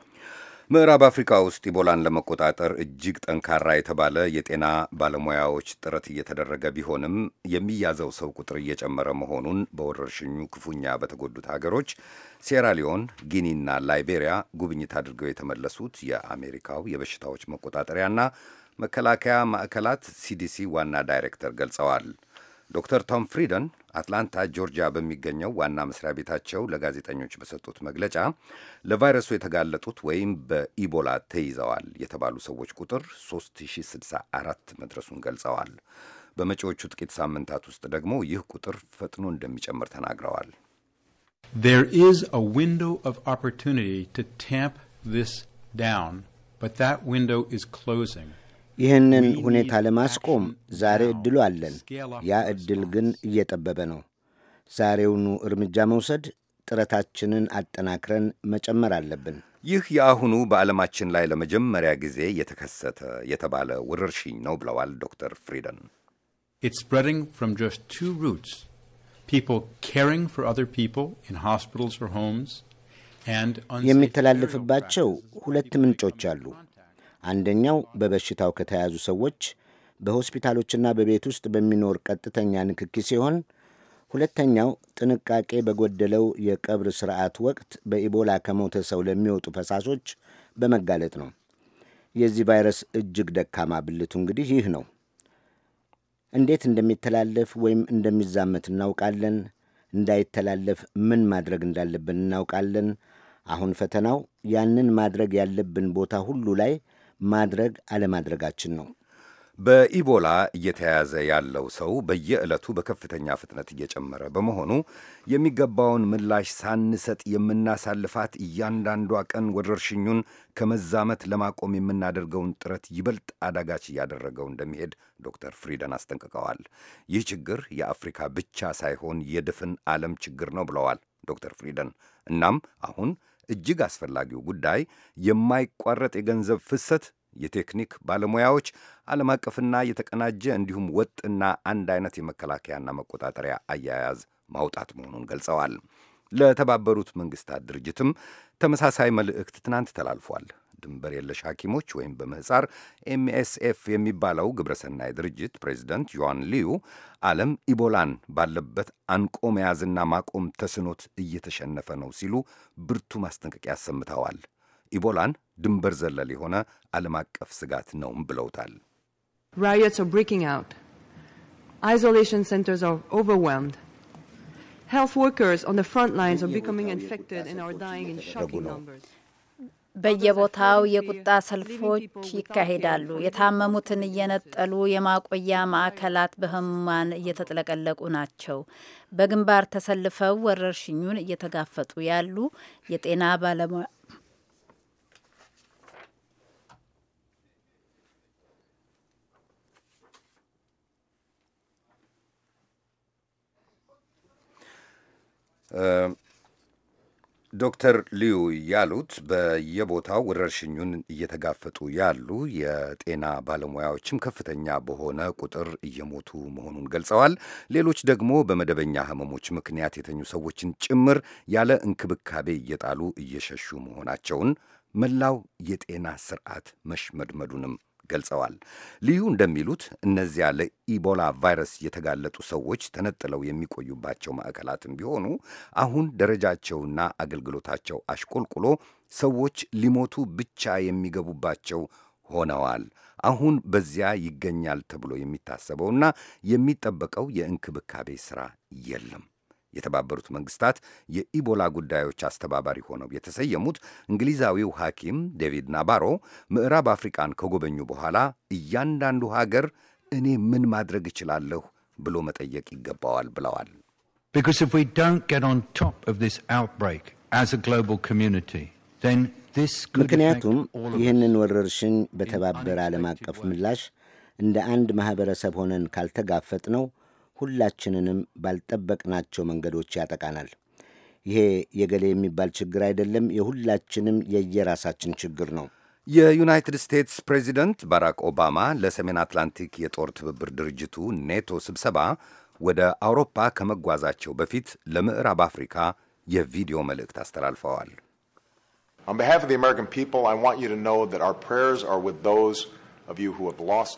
ምዕራብ አፍሪካ ውስጥ ኢቦላን ለመቆጣጠር እጅግ ጠንካራ የተባለ የጤና ባለሙያዎች ጥረት እየተደረገ ቢሆንም የሚያዘው ሰው ቁጥር እየጨመረ መሆኑን በወረርሽኙ ክፉኛ በተጎዱት ሀገሮች ሴራሊዮን፣ ጊኒና ላይቤሪያ ጉብኝት አድርገው የተመለሱት የአሜሪካው የበሽታዎች መቆጣጠሪያና መከላከያ ማዕከላት ሲዲሲ ዋና ዳይሬክተር ገልጸዋል። ዶክተር ቶም ፍሪደን አትላንታ ጆርጂያ በሚገኘው ዋና መስሪያ ቤታቸው ለጋዜጠኞች በሰጡት መግለጫ ለቫይረሱ የተጋለጡት ወይም በኢቦላ ተይዘዋል የተባሉ ሰዎች ቁጥር 3064 መድረሱን ገልጸዋል። በመጪዎቹ ጥቂት ሳምንታት ውስጥ ደግሞ ይህ ቁጥር ፈጥኖ እንደሚጨምር ተናግረዋል። There is a window of opportunity to tamp this down, but that window is closing. ይህንን ሁኔታ ለማስቆም ዛሬ እድሉ አለን። ያ እድል ግን እየጠበበ ነው። ዛሬውኑ እርምጃ መውሰድ፣ ጥረታችንን አጠናክረን መጨመር አለብን። ይህ የአሁኑ በዓለማችን ላይ ለመጀመሪያ ጊዜ የተከሰተ የተባለ ወረርሽኝ ነው ብለዋል ዶክተር ፍሪደን። የሚተላለፍባቸው ሁለት ምንጮች አሉ። አንደኛው በበሽታው ከተያዙ ሰዎች በሆስፒታሎችና በቤት ውስጥ በሚኖር ቀጥተኛ ንክኪ ሲሆን ሁለተኛው ጥንቃቄ በጎደለው የቀብር ስርዓት ወቅት በኢቦላ ከሞተ ሰው ለሚወጡ ፈሳሾች በመጋለጥ ነው። የዚህ ቫይረስ እጅግ ደካማ ብልቱ እንግዲህ ይህ ነው። እንዴት እንደሚተላለፍ ወይም እንደሚዛመት እናውቃለን። እንዳይተላለፍ ምን ማድረግ እንዳለብን እናውቃለን። አሁን ፈተናው ያንን ማድረግ ያለብን ቦታ ሁሉ ላይ ማድረግ አለማድረጋችን ነው። በኢቦላ እየተያዘ ያለው ሰው በየዕለቱ በከፍተኛ ፍጥነት እየጨመረ በመሆኑ የሚገባውን ምላሽ ሳንሰጥ የምናሳልፋት እያንዳንዷ ቀን ወረርሽኙን ከመዛመት ለማቆም የምናደርገውን ጥረት ይበልጥ አዳጋች እያደረገው እንደሚሄድ ዶክተር ፍሪደን አስጠንቅቀዋል። ይህ ችግር የአፍሪካ ብቻ ሳይሆን የድፍን ዓለም ችግር ነው ብለዋል ዶክተር ፍሪደን። እናም አሁን እጅግ አስፈላጊው ጉዳይ የማይቋረጥ የገንዘብ ፍሰት የቴክኒክ ባለሙያዎች ዓለም አቀፍና የተቀናጀ እንዲሁም ወጥና አንድ አይነት የመከላከያና መቆጣጠሪያ አያያዝ ማውጣት መሆኑን ገልጸዋል። ለተባበሩት መንግስታት ድርጅትም ተመሳሳይ መልእክት ትናንት ተላልፏል። ድንበር የለሽ ሐኪሞች ወይም በምህፃር ኤምኤስኤፍ የሚባለው ግብረሰናይ ድርጅት ፕሬዚደንት ዮሐን ሊዩ ዓለም ኢቦላን ባለበት አንቆ መያዝና ማቆም ተስኖት እየተሸነፈ ነው ሲሉ ብርቱ ማስጠንቀቂያ አሰምተዋል። ኢቦላን ድንበር ዘለል የሆነ ዓለም አቀፍ ስጋት ነውም ብለውታል። riots are breaking out. Isolation centers are overwhelmed. Health workers on the front lines are becoming infected and are dying in shocking numbers. በየቦታው የቁጣ ሰልፎች ይካሄዳሉ። የታመሙትን እየነጠሉ የማቆያ ማዕከላት በህሙማን እየተጥለቀለቁ ናቸው። በግንባር ተሰልፈው ወረርሽኙን እየተጋፈጡ ያሉ የጤና ባለሙያ ዶክተር ሊዩ ያሉት በየቦታው ወረርሽኙን እየተጋፈጡ ያሉ የጤና ባለሙያዎችም ከፍተኛ በሆነ ቁጥር እየሞቱ መሆኑን ገልጸዋል። ሌሎች ደግሞ በመደበኛ ሕመሞች ምክንያት የተኙ ሰዎችን ጭምር ያለ እንክብካቤ እየጣሉ እየሸሹ መሆናቸውን፣ መላው የጤና ስርዓት መሽመድመዱንም ገልጸዋል። ልዩ እንደሚሉት እነዚያ ለኢቦላ ቫይረስ የተጋለጡ ሰዎች ተነጥለው የሚቆዩባቸው ማዕከላትም ቢሆኑ አሁን ደረጃቸውና አገልግሎታቸው አሽቆልቁሎ ሰዎች ሊሞቱ ብቻ የሚገቡባቸው ሆነዋል። አሁን በዚያ ይገኛል ተብሎ የሚታሰበውና የሚጠበቀው የእንክብካቤ ሥራ የለም። የተባበሩት መንግስታት የኢቦላ ጉዳዮች አስተባባሪ ሆነው የተሰየሙት እንግሊዛዊው ሐኪም ዴቪድ ናባሮ ምዕራብ አፍሪቃን ከጎበኙ በኋላ እያንዳንዱ ሀገር እኔ ምን ማድረግ እችላለሁ ብሎ መጠየቅ ይገባዋል ብለዋል። ምክንያቱም ይህንን ወረርሽኝ በተባበረ ዓለም አቀፍ ምላሽ እንደ አንድ ማኅበረሰብ ሆነን ካልተጋፈጥ ነው ሁላችንንም ባልጠበቅናቸው መንገዶች ያጠቃናል። ይሄ የገሌ የሚባል ችግር አይደለም፣ የሁላችንም የየራሳችን ችግር ነው። የዩናይትድ ስቴትስ ፕሬዚደንት ባራክ ኦባማ ለሰሜን አትላንቲክ የጦር ትብብር ድርጅቱ ኔቶ ስብሰባ ወደ አውሮፓ ከመጓዛቸው በፊት ለምዕራብ አፍሪካ የቪዲዮ መልእክት አስተላልፈዋል። On behalf of the American people, I want you to know that our prayers are with those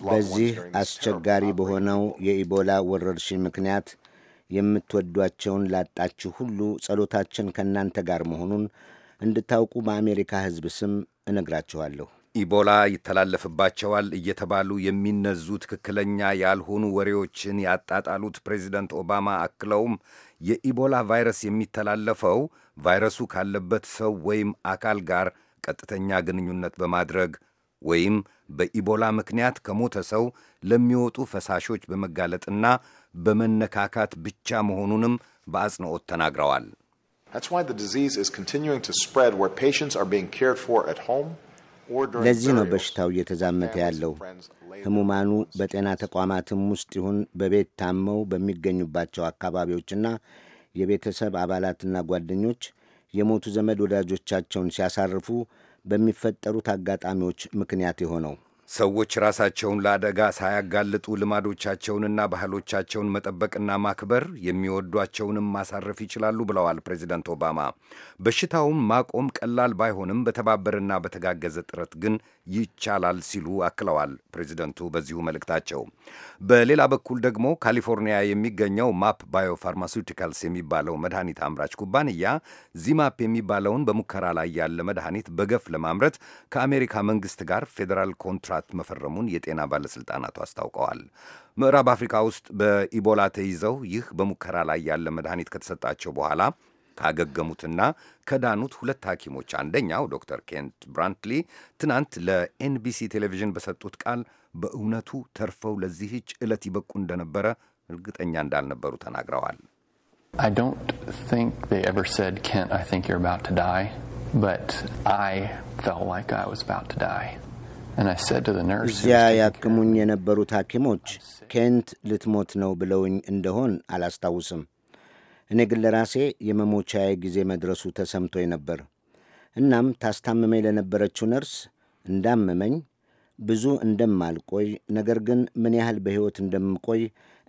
በዚህ አስቸጋሪ በሆነው የኢቦላ ወረርሽኝ ምክንያት የምትወዷቸውን ላጣችሁ ሁሉ ጸሎታችን ከእናንተ ጋር መሆኑን እንድታውቁ በአሜሪካ ሕዝብ ስም እነግራችኋለሁ። ኢቦላ ይተላለፍባቸዋል እየተባሉ የሚነዙ ትክክለኛ ያልሆኑ ወሬዎችን ያጣጣሉት ፕሬዚደንት ኦባማ አክለውም የኢቦላ ቫይረስ የሚተላለፈው ቫይረሱ ካለበት ሰው ወይም አካል ጋር ቀጥተኛ ግንኙነት በማድረግ ወይም በኢቦላ ምክንያት ከሞተ ሰው ለሚወጡ ፈሳሾች በመጋለጥና በመነካካት ብቻ መሆኑንም በአጽንኦት ተናግረዋል። ለዚህ ነው በሽታው እየተዛመተ ያለው። ሕሙማኑ በጤና ተቋማትም ውስጥ ይሁን በቤት ታመው በሚገኙባቸው አካባቢዎችና የቤተሰብ አባላትና ጓደኞች የሞቱ ዘመድ ወዳጆቻቸውን ሲያሳርፉ በሚፈጠሩት አጋጣሚዎች ምክንያት የሆነው። ሰዎች ራሳቸውን ለአደጋ ሳያጋልጡ ልማዶቻቸውንና ባህሎቻቸውን መጠበቅና ማክበር የሚወዷቸውንም ማሳረፍ ይችላሉ ብለዋል ፕሬዚደንት ኦባማ። በሽታውም ማቆም ቀላል ባይሆንም በተባበረና በተጋገዘ ጥረት ግን ይቻላል ሲሉ አክለዋል ፕሬዚደንቱ በዚሁ መልእክታቸው። በሌላ በኩል ደግሞ ካሊፎርኒያ የሚገኘው ማፕ ባዮፋርማሲውቲካልስ የሚባለው መድኃኒት አምራች ኩባንያ ዚማፕ የሚባለውን በሙከራ ላይ ያለ መድኃኒት በገፍ ለማምረት ከአሜሪካ መንግስት ጋር ፌዴራል ኮንትራት መፈረሙን የጤና ባለሥልጣናቱ አስታውቀዋል። ምዕራብ አፍሪካ ውስጥ በኢቦላ ተይዘው ይህ በሙከራ ላይ ያለ መድኃኒት ከተሰጣቸው በኋላ ካገገሙትና ከዳኑት ሁለት ሐኪሞች አንደኛው ዶክተር ኬንት ብራንትሊ ትናንት ለኤንቢሲ ቴሌቪዥን በሰጡት ቃል በእውነቱ ተርፈው ለዚህች ዕለት ይበቁ እንደነበረ እርግጠኛ እንዳልነበሩ ተናግረዋል። እዚያ ያክሙኝ የነበሩት ሐኪሞች ኬንት ልትሞት ነው ብለውኝ እንደሆን አላስታውስም እኔ ግን ለራሴ የመሞቻዬ ጊዜ መድረሱ ተሰምቶኝ ነበር። እናም ታስታምመኝ ለነበረችው ነርስ እንዳመመኝ ብዙ እንደማልቆይ ነገር ግን ምን ያህል በሕይወት እንደምቆይ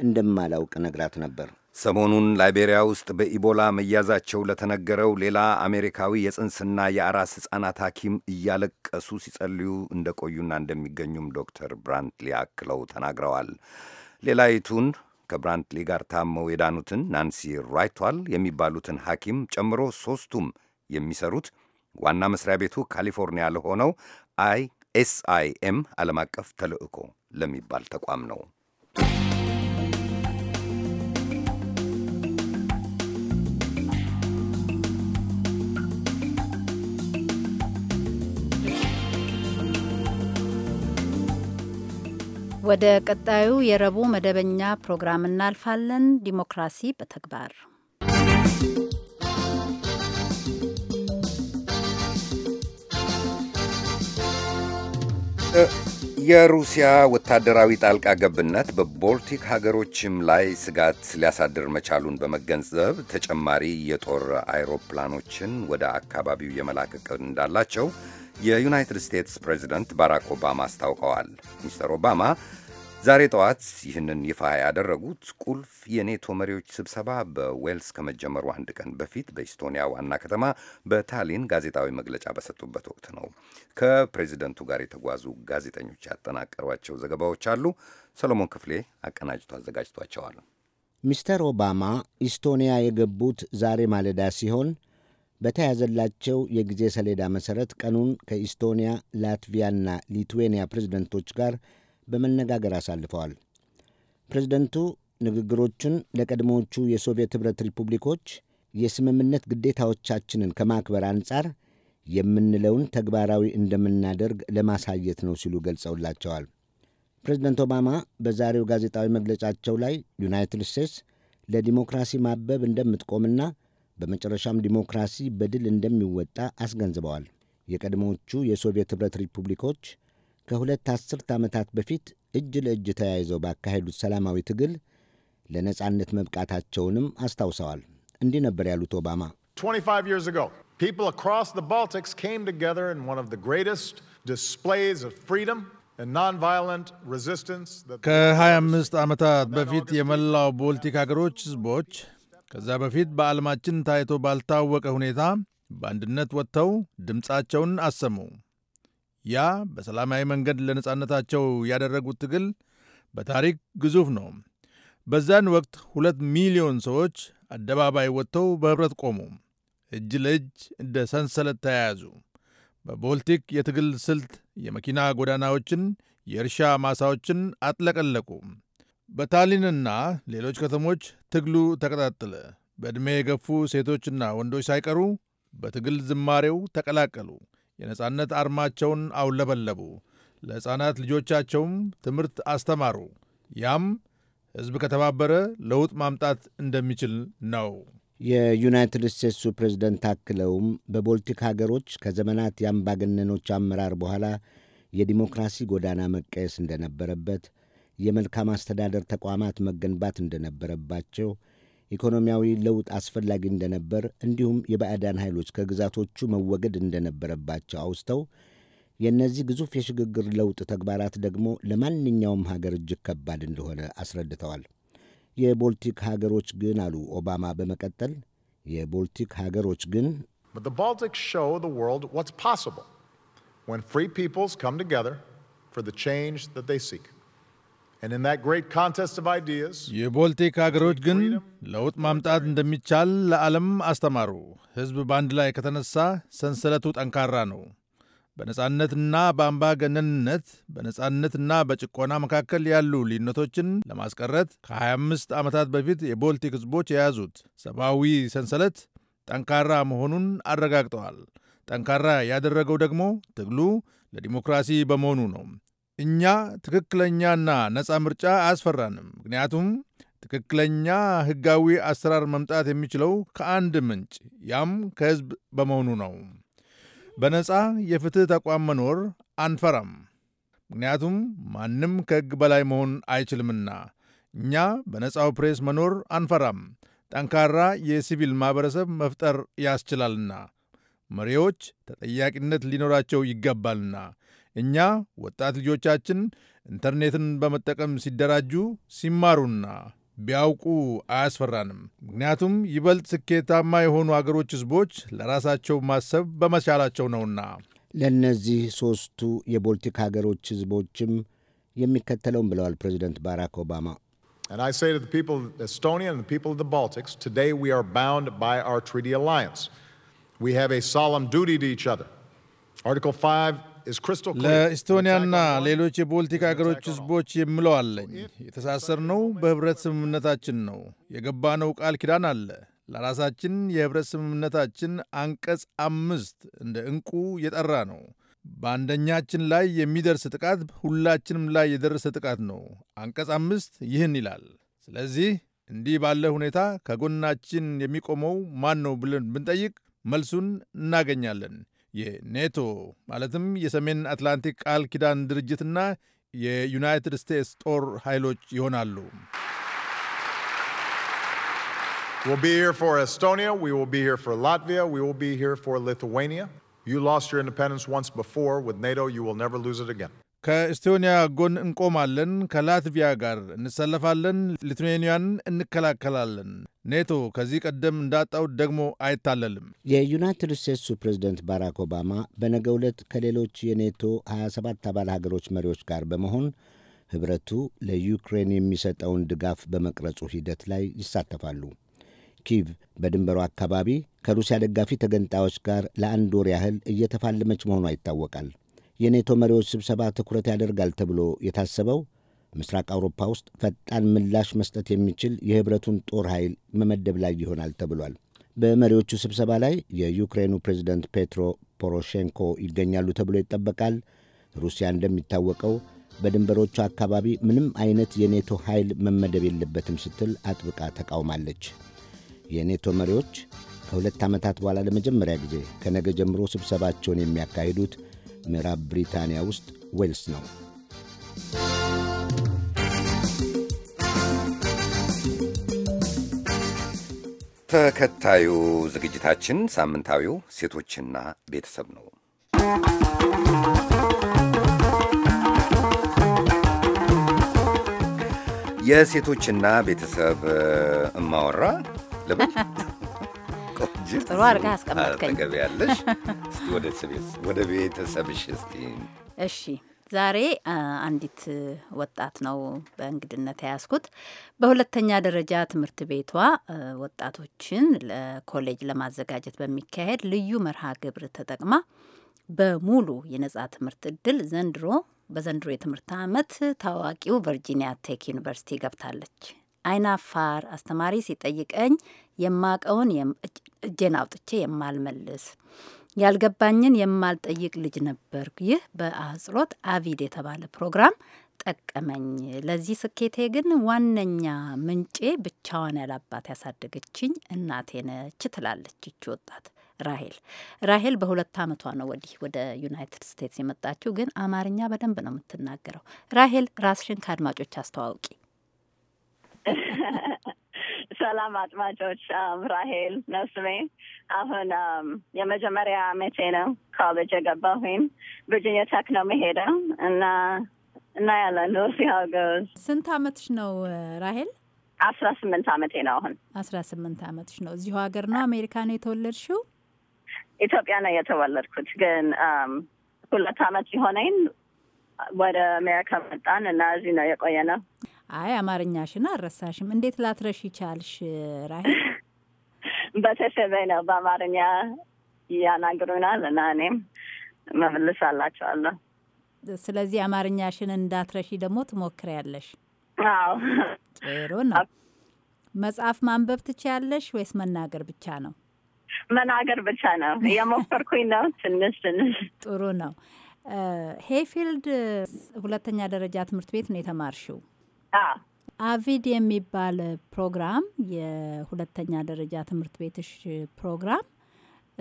እንደማላውቅ ነግራት ነበር። ሰሞኑን ላይቤሪያ ውስጥ በኢቦላ መያዛቸው ለተነገረው ሌላ አሜሪካዊ የጽንስና የአራስ ሕፃናት ሐኪም እያለቀሱ ሲጸልዩ እንደቆዩና እንደሚገኙም ዶክተር ብራንትሊ አክለው ተናግረዋል። ሌላይቱን ከብራንትሊ ጋር ታመው የዳኑትን ናንሲ ራይቷል የሚባሉትን ሐኪም ጨምሮ ሦስቱም የሚሰሩት ዋና መስሪያ ቤቱ ካሊፎርኒያ ለሆነው አይ ኤስ አይ ኤም ዓለም አቀፍ ተልዕኮ ለሚባል ተቋም ነው። ወደ ቀጣዩ የረቡዕ መደበኛ ፕሮግራም እናልፋለን። ዲሞክራሲ በተግባር የሩሲያ ወታደራዊ ጣልቃ ገብነት በቦልቲክ ሀገሮችም ላይ ስጋት ሊያሳድር መቻሉን በመገንዘብ ተጨማሪ የጦር አይሮፕላኖችን ወደ አካባቢው የመላክ እቅድ እንዳላቸው የዩናይትድ ስቴትስ ፕሬዚደንት ባራክ ኦባማ አስታውቀዋል። ሚስተር ኦባማ ዛሬ ጠዋት ይህንን ይፋ ያደረጉት ቁልፍ የኔቶ መሪዎች ስብሰባ በዌልስ ከመጀመሩ አንድ ቀን በፊት በኢስቶኒያ ዋና ከተማ በታሊን ጋዜጣዊ መግለጫ በሰጡበት ወቅት ነው። ከፕሬዚደንቱ ጋር የተጓዙ ጋዜጠኞች ያጠናቀሯቸው ዘገባዎች አሉ። ሰሎሞን ክፍሌ አቀናጅቶ አዘጋጅቷቸዋል። ሚስተር ኦባማ ኢስቶኒያ የገቡት ዛሬ ማለዳ ሲሆን በተያዘላቸው የጊዜ ሰሌዳ መሠረት ቀኑን ከኢስቶኒያ ላትቪያና ሊትዌኒያ ፕሬዝደንቶች ጋር በመነጋገር አሳልፈዋል። ፕሬዝደንቱ ንግግሮቹን ለቀድሞዎቹ የሶቪየት ኅብረት ሪፑብሊኮች የስምምነት ግዴታዎቻችንን ከማክበር አንጻር የምንለውን ተግባራዊ እንደምናደርግ ለማሳየት ነው ሲሉ ገልጸውላቸዋል። ፕሬዝደንት ኦባማ በዛሬው ጋዜጣዊ መግለጫቸው ላይ ዩናይትድ ስቴትስ ለዲሞክራሲ ማበብ እንደምትቆምና በመጨረሻም ዲሞክራሲ በድል እንደሚወጣ አስገንዝበዋል። የቀድሞዎቹ የሶቪየት ኅብረት ሪፑብሊኮች ከሁለት አስርት ዓመታት በፊት እጅ ለእጅ ተያይዘው ባካሄዱት ሰላማዊ ትግል ለነጻነት መብቃታቸውንም አስታውሰዋል። እንዲህ ነበር ያሉት ኦባማ 25 years ago, people across the Baltics came together in one of the greatest displays of freedom ከ25 ዓመታት በፊት የመላው ቦልቲክ አገሮች ሕዝቦች ከዛ በፊት በዓለማችን ታይቶ ባልታወቀ ሁኔታ በአንድነት ወጥተው ድምፃቸውን አሰሙ። ያ በሰላማዊ መንገድ ለነጻነታቸው ያደረጉት ትግል በታሪክ ግዙፍ ነው። በዛን ወቅት ሁለት ሚሊዮን ሰዎች አደባባይ ወጥተው በኅብረት ቆሙ። እጅ ለእጅ እንደ ሰንሰለት ተያያዙ። በቦልቲክ የትግል ስልት የመኪና ጎዳናዎችን፣ የእርሻ ማሳዎችን አጥለቀለቁ። በታሊንና ሌሎች ከተሞች ትግሉ ተቀጣጠለ። በዕድሜ የገፉ ሴቶችና ወንዶች ሳይቀሩ በትግል ዝማሬው ተቀላቀሉ። የነጻነት አርማቸውን አውለበለቡ። ለሕፃናት ልጆቻቸውም ትምህርት አስተማሩ። ያም ሕዝብ ከተባበረ ለውጥ ማምጣት እንደሚችል ነው። የዩናይትድ ስቴትሱ ፕሬዝደንት አክለውም በቦልቲክ ሀገሮች ከዘመናት የአምባገነኖች አመራር በኋላ የዲሞክራሲ ጎዳና መቀየስ እንደነበረበት የመልካም አስተዳደር ተቋማት መገንባት እንደነበረባቸው፣ ኢኮኖሚያዊ ለውጥ አስፈላጊ እንደነበር፣ እንዲሁም የባዕዳን ኃይሎች ከግዛቶቹ መወገድ እንደነበረባቸው አውስተው የእነዚህ ግዙፍ የሽግግር ለውጥ ተግባራት ደግሞ ለማንኛውም ሀገር እጅግ ከባድ እንደሆነ አስረድተዋል። የቦልቲክ ሀገሮች ግን አሉ ኦባማ በመቀጠል የቦልቲክ ሀገሮች ግን ስ የቦልቲክ አገሮች ግን ለውጥ ማምጣት እንደሚቻል ለዓለም አስተማሩ። ሕዝብ በአንድ ላይ ከተነሳ ሰንሰለቱ ጠንካራ ነው። በነጻነትና በአምባገነንነት በነጻነትና በጭቆና መካከል ያሉ ልዩነቶችን ለማስቀረት ከ25 ዓመታት በፊት የቦልቲክ ሕዝቦች የያዙት ሰብአዊ ሰንሰለት ጠንካራ መሆኑን አረጋግጠዋል። ጠንካራ ያደረገው ደግሞ ትግሉ ለዲሞክራሲ በመሆኑ ነው። እኛ ትክክለኛና ነፃ ምርጫ አያስፈራንም። ምክንያቱም ትክክለኛ ሕጋዊ አሰራር መምጣት የሚችለው ከአንድ ምንጭ ያም ከሕዝብ በመሆኑ ነው። በነፃ የፍትሕ ተቋም መኖር አንፈራም፣ ምክንያቱም ማንም ከሕግ በላይ መሆን አይችልምና። እኛ በነፃው ፕሬስ መኖር አንፈራም፣ ጠንካራ የሲቪል ማኅበረሰብ መፍጠር ያስችላልና፣ መሪዎች ተጠያቂነት ሊኖራቸው ይገባልና እኛ ወጣት ልጆቻችን ኢንተርኔትን በመጠቀም ሲደራጁ ሲማሩና ቢያውቁ አያስፈራንም። ምክንያቱም ይበልጥ ስኬታማ የሆኑ አገሮች ህዝቦች ለራሳቸው ማሰብ በመቻላቸው ነውና። ለእነዚህ ሦስቱ የቦልቲክ ሀገሮች ህዝቦችም የሚከተለውም ብለዋል ፕሬዚደንት ባራክ ኦባማ። ስ ለኢስቶኒያና ሌሎች የቦልቲክ አገሮች ህዝቦች የምለው አለኝ። የተሳሰርነው በህብረት ስምምነታችን ነው። የገባነው ቃል ኪዳን አለ። ለራሳችን የህብረት ስምምነታችን አንቀጽ አምስት እንደ እንቁ የጠራ ነው። በአንደኛችን ላይ የሚደርስ ጥቃት ሁላችንም ላይ የደረሰ ጥቃት ነው። አንቀጽ አምስት ይህን ይላል። ስለዚህ እንዲህ ባለ ሁኔታ ከጎናችን የሚቆመው ማን ነው ብለን ብንጠይቅ መልሱን እናገኛለን። we We'll be here for Estonia. We will be here for Latvia. We will be here for Lithuania. You lost your independence once before. With NATO, you will never lose it again. ከኢስቶኒያ ጎን እንቆማለን፣ ከላትቪያ ጋር እንሰለፋለን፣ ሊትዌኒያን እንከላከላለን። ኔቶ ከዚህ ቀደም እንዳጣው ደግሞ አይታለልም። የዩናይትድ ስቴትሱ ፕሬዝደንት ባራክ ኦባማ በነገ ዕለት ከሌሎች የኔቶ 27 አባል ሀገሮች መሪዎች ጋር በመሆን ኅብረቱ ለዩክሬን የሚሰጠውን ድጋፍ በመቅረጹ ሂደት ላይ ይሳተፋሉ። ኪቭ በድንበሩ አካባቢ ከሩሲያ ደጋፊ ተገንጣዮች ጋር ለአንድ ወር ያህል እየተፋለመች መሆኗ ይታወቃል። የኔቶ መሪዎች ስብሰባ ትኩረት ያደርጋል ተብሎ የታሰበው ምስራቅ አውሮፓ ውስጥ ፈጣን ምላሽ መስጠት የሚችል የህብረቱን ጦር ኃይል መመደብ ላይ ይሆናል ተብሏል። በመሪዎቹ ስብሰባ ላይ የዩክሬኑ ፕሬዚደንት ፔትሮ ፖሮሼንኮ ይገኛሉ ተብሎ ይጠበቃል። ሩሲያ እንደሚታወቀው በድንበሮቹ አካባቢ ምንም አይነት የኔቶ ኃይል መመደብ የለበትም ስትል አጥብቃ ተቃውማለች። የኔቶ መሪዎች ከሁለት ዓመታት በኋላ ለመጀመሪያ ጊዜ ከነገ ጀምሮ ስብሰባቸውን የሚያካሂዱት ምዕራብ ብሪታንያ ውስጥ ዌልስ ነው። ተከታዩ ዝግጅታችን ሳምንታዊው ሴቶችና ቤተሰብ ነው። የሴቶችና ቤተሰብ እማወራ ልበል ጥሩ አድርጋ አስቀመጥከኝ። ያለሽ ወደ ቤተሰብሽ እስቲ እሺ። ዛሬ አንዲት ወጣት ነው በእንግድነት የያዝኩት። በሁለተኛ ደረጃ ትምህርት ቤቷ ወጣቶችን ለኮሌጅ ለማዘጋጀት በሚካሄድ ልዩ መርሃ ግብር ተጠቅማ በሙሉ የነጻ ትምህርት እድል ዘንድሮ በዘንድሮ የትምህርት ዓመት ታዋቂው ቨርጂኒያ ቴክ ዩኒቨርሲቲ ገብታለች። አይናፋር አስተማሪ ሲጠይቀኝ የማቀውን እጄን አውጥቼ የማልመልስ ያልገባኝን የማልጠይቅ ልጅ ነበርኩ። ይህ በአጽሮት አቪድ የተባለ ፕሮግራም ጠቀመኝ። ለዚህ ስኬቴ ግን ዋነኛ ምንጬ ብቻዋን ያላባት ያሳደገችኝ እናቴ ነች ትላለች ይቺ ወጣት ራሄል። ራሄል በሁለት ዓመቷ ነው ወዲህ ወደ ዩናይትድ ስቴትስ የመጣችው፣ ግን አማርኛ በደንብ ነው የምትናገረው። ራሄል ራስሽን ከአድማጮች አስተዋውቂ። ሰላም አድማጮች፣ ራሄል ነው ስሜ። አሁን የመጀመሪያ አመቴ ነው ኮሌጅ የገባሁኝ። ቨርጂኒያ ቴክ ነው መሄደው እና እና ያለ ኑር ሲሀገዝ ስንት አመትሽ ነው ራሄል? አስራ ስምንት አመቴ ነው አሁን። አስራ ስምንት አመትሽ ነው። እዚሁ ሀገር ነው አሜሪካ ነው የተወለድሽው? ኢትዮጵያ ነው የተወለድኩት፣ ግን ሁለት አመት ሲሆነኝ ወደ አሜሪካ መጣን እና እዚህ ነው የቆየ ነው። አይ አማርኛሽን አልረሳሽም። እንዴት ላትረሽ ይቻልሽ? ራይ በተሰበይ ነው በአማርኛ እያናግሩናል እና እኔም መመልሳላቸዋለሁ። ስለዚህ አማርኛሽን እንዳትረሺ ደግሞ ትሞክሪያለሽ። አዎ ጥሩ ነው። መጽሐፍ ማንበብ ትችያለሽ ወይስ መናገር ብቻ ነው? መናገር ብቻ ነው። የሞከርኩኝ ነው ትንሽ ትንሽ። ጥሩ ነው። ሄይፊልድ ሁለተኛ ደረጃ ትምህርት ቤት ነው የተማርሽው? አቪድ የሚባል ፕሮግራም የሁለተኛ ደረጃ ትምህርት ቤትሽ ፕሮግራም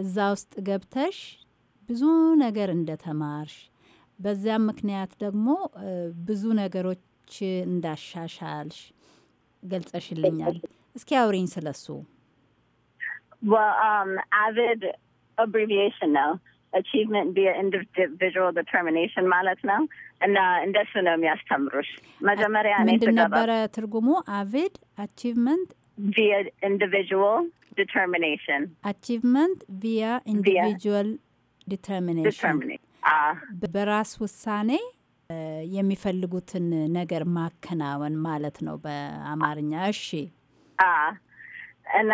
እዛ ውስጥ ገብተሽ ብዙ ነገር እንደተማርሽ በዚያም ምክንያት ደግሞ ብዙ ነገሮች እንዳሻሻልሽ ገልጸሽልኛል። እስኪ አውሪኝ ስለሱ። አቪድ አብሪቪዬሽን um, ነው። አቺቭመንት ቪዥዋል ዲተርሚኔሽን ማለት ነው። እና እንደሱ ነው የሚያስተምሩሽ። መጀመሪያ ምንድን ነበረ ትርጉሙ? አቪድ አቺቭመንት ቪያ ኢንዲቪጁዋል ዲተርሚኔሽን አቺቭመንት ቪያ ኢንዲቪጁዋል ዲተርሚኔሽን በራስ ውሳኔ የሚፈልጉትን ነገር ማከናወን ማለት ነው በአማርኛ። እሺ። እና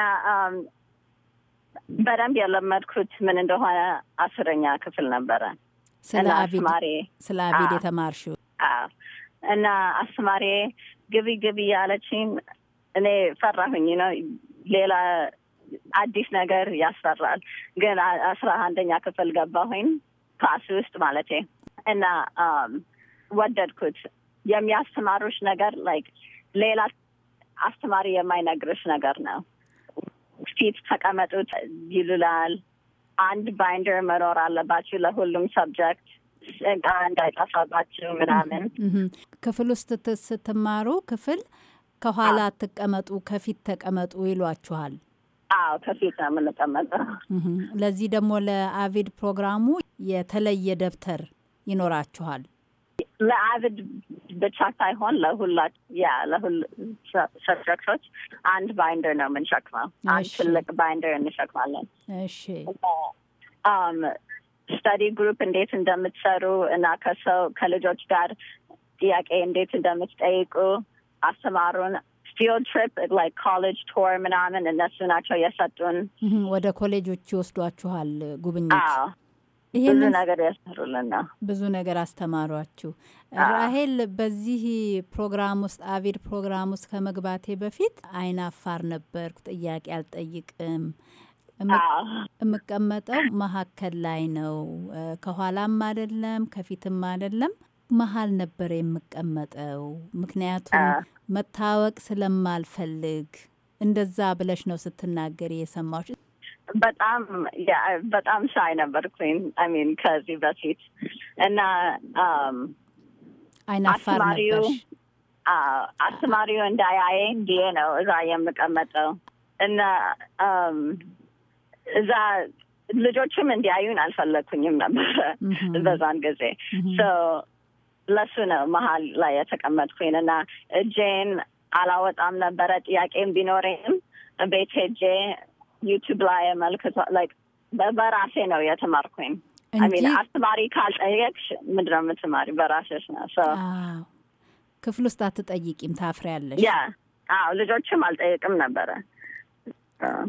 በደንብ የለመድኩት ምን እንደሆነ አስረኛ ክፍል ነበረ። ስለ አስማሬ ስለ አቤድ የተማርሽው እና አስማሬ ግቢ ግቢ ያለችኝ እኔ ፈራሁኝ ነው። ሌላ አዲስ ነገር ያስፈራል። ግን አስራ አንደኛ ክፍል ገባሁኝ ክላስ ውስጥ ማለት እና ወደድኩት። የሚያስተማሩሽ ነገር ላይክ ሌላ አስተማሪ የማይነግርሽ ነገር ነው። ፊት ተቀመጡት ይሉላል አንድ ባይንደር መኖር አለባችሁ ለሁሉም ሰብጀክት እንዳይጠፋባችሁ ምናምን። ክፍል ውስጥ ስትማሩ ክፍል ከኋላ አትቀመጡ፣ ከፊት ተቀመጡ ይሏችኋል። አዎ ከፊት ነው የምንቀመጠው። ለዚህ ደግሞ ለአቪድ ፕሮግራሙ የተለየ ደብተር ይኖራችኋል። ለአብድ ብቻ ሳይሆን ለሁላ ያ ለሁል ሰብጀክቶች አንድ ባይንደር ነው የምንሸክመው። አንድ ትልቅ ባይንደር እንሸክማለን። ስተዲ ግሩፕ እንዴት እንደምትሰሩ እና ከሰው ከልጆች ጋር ጥያቄ እንዴት እንደምትጠይቁ አስተማሩን። ፊልድ ትሪፕ ላይክ ኮሌጅ ቶር ምናምን እነሱ ናቸው የሰጡን። ወደ ኮሌጆች ይወስዷችኋል ጉብኝት ብዙ ነገር ያስተሩልና ብዙ ነገር አስተማሯችሁ። ራሄል በዚህ ፕሮግራም ውስጥ አቪድ ፕሮግራም ውስጥ ከመግባቴ በፊት አይን አፋር ነበርኩ። ጥያቄ አልጠይቅም የምቀመጠው መሀከል ላይ ነው። ከኋላም አይደለም ከፊትም አይደለም መሀል ነበር የምቀመጠው። ምክንያቱም መታወቅ ስለማልፈልግ እንደዛ ብለሽ ነው ስትናገር የሰማች። በጣም በጣም ሻይ ነበርኩኝ። አሚን ከዚህ በፊት እና um, አይናፋር ነበር። አስተማሪው እንዳያየኝ ብዬ ነው እዛ የምቀመጠው እና um, እዛ ልጆችም እንዲያዩን አልፈለግኩኝም ነበረ በዛን ጊዜ ለሱ ነው መሀል ላይ የተቀመጥኩኝ እና እጄን አላወጣም ነበረ። ጥያቄም ቢኖረኝም ቤት ሄጄ ዩቱብ ላይ መልክቷ በራሴ ነው የተማርኩኝ። አስተማሪ ካልጠየቅሽ ምንድን ነው የምትማሪው? ነው። ክፍል ውስጥ አትጠይቂም፣ ታፍሪያለሽ። ያ አዎ፣ ልጆችም አልጠየቅም ነበረ።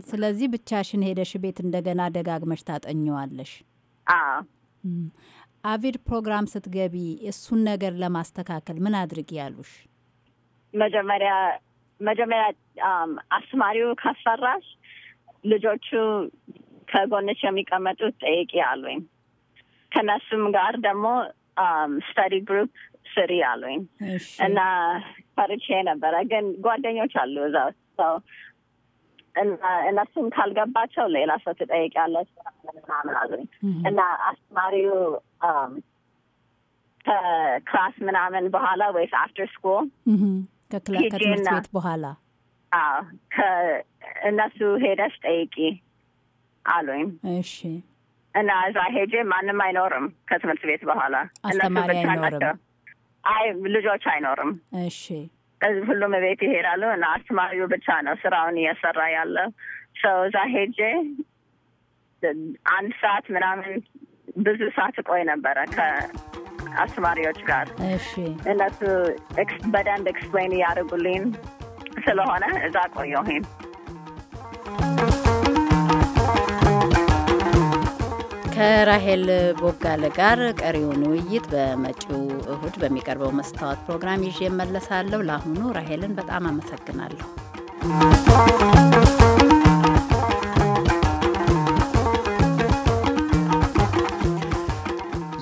ስለዚህ ብቻሽን ሄደሽ ቤት እንደገና ደጋግመሽ ታጠኘዋለሽ። አቪድ ፕሮግራም ስትገቢ እሱን ነገር ለማስተካከል ምን አድርጊ ያሉሽ? መጀመሪያ መጀመሪያ አስተማሪው ካሰራሽ ልጆቹ ከጎንሽ የሚቀመጡት ጠይቂ አሉኝ። ከነሱም ጋር ደግሞ ስተዲ um, ግሩፕ ስሪ አሉኝ እና ፈርቼ ነበረ፣ ግን ጓደኞች አሉ እዛ ሰው እነሱም ካልገባቸው ሌላ ሰው ትጠይቂያለሽ ምናምን አሉኝ እና አስተማሪው um, ከክላስ ምናምን በኋላ ወይስ አፍተር ስኩል ከትምህርት ቤት በኋላ ከእነሱ ሄደሽ ጠይቂ አሉኝ። እሺ እና እዛ ሄጄ ማንም አይኖርም ከትምህርት ቤት በኋላ አስተማሪ አይኖርም፣ አይ ልጆች አይኖርም። እሺ ሁሉም ቤት ይሄዳሉ እና አስተማሪው ብቻ ነው ስራውን እየሰራ ያለው ሰው። እዛ ሄጄ አንድ ሰዓት ምናምን ብዙ ሰዓት እቆይ ነበረ ከአስተማሪዎች ጋር። እነሱ በደንብ ኤክስፕሌን እያደርጉልኝ ስለሆነ እዛ ቆየሁኝ። ከራሄል ቦጋለ ጋር ቀሪውን ውይይት በመጪው እሁድ በሚቀርበው መስታወት ፕሮግራም ይዤ እመለሳለሁ። ለአሁኑ ራሄልን በጣም አመሰግናለሁ።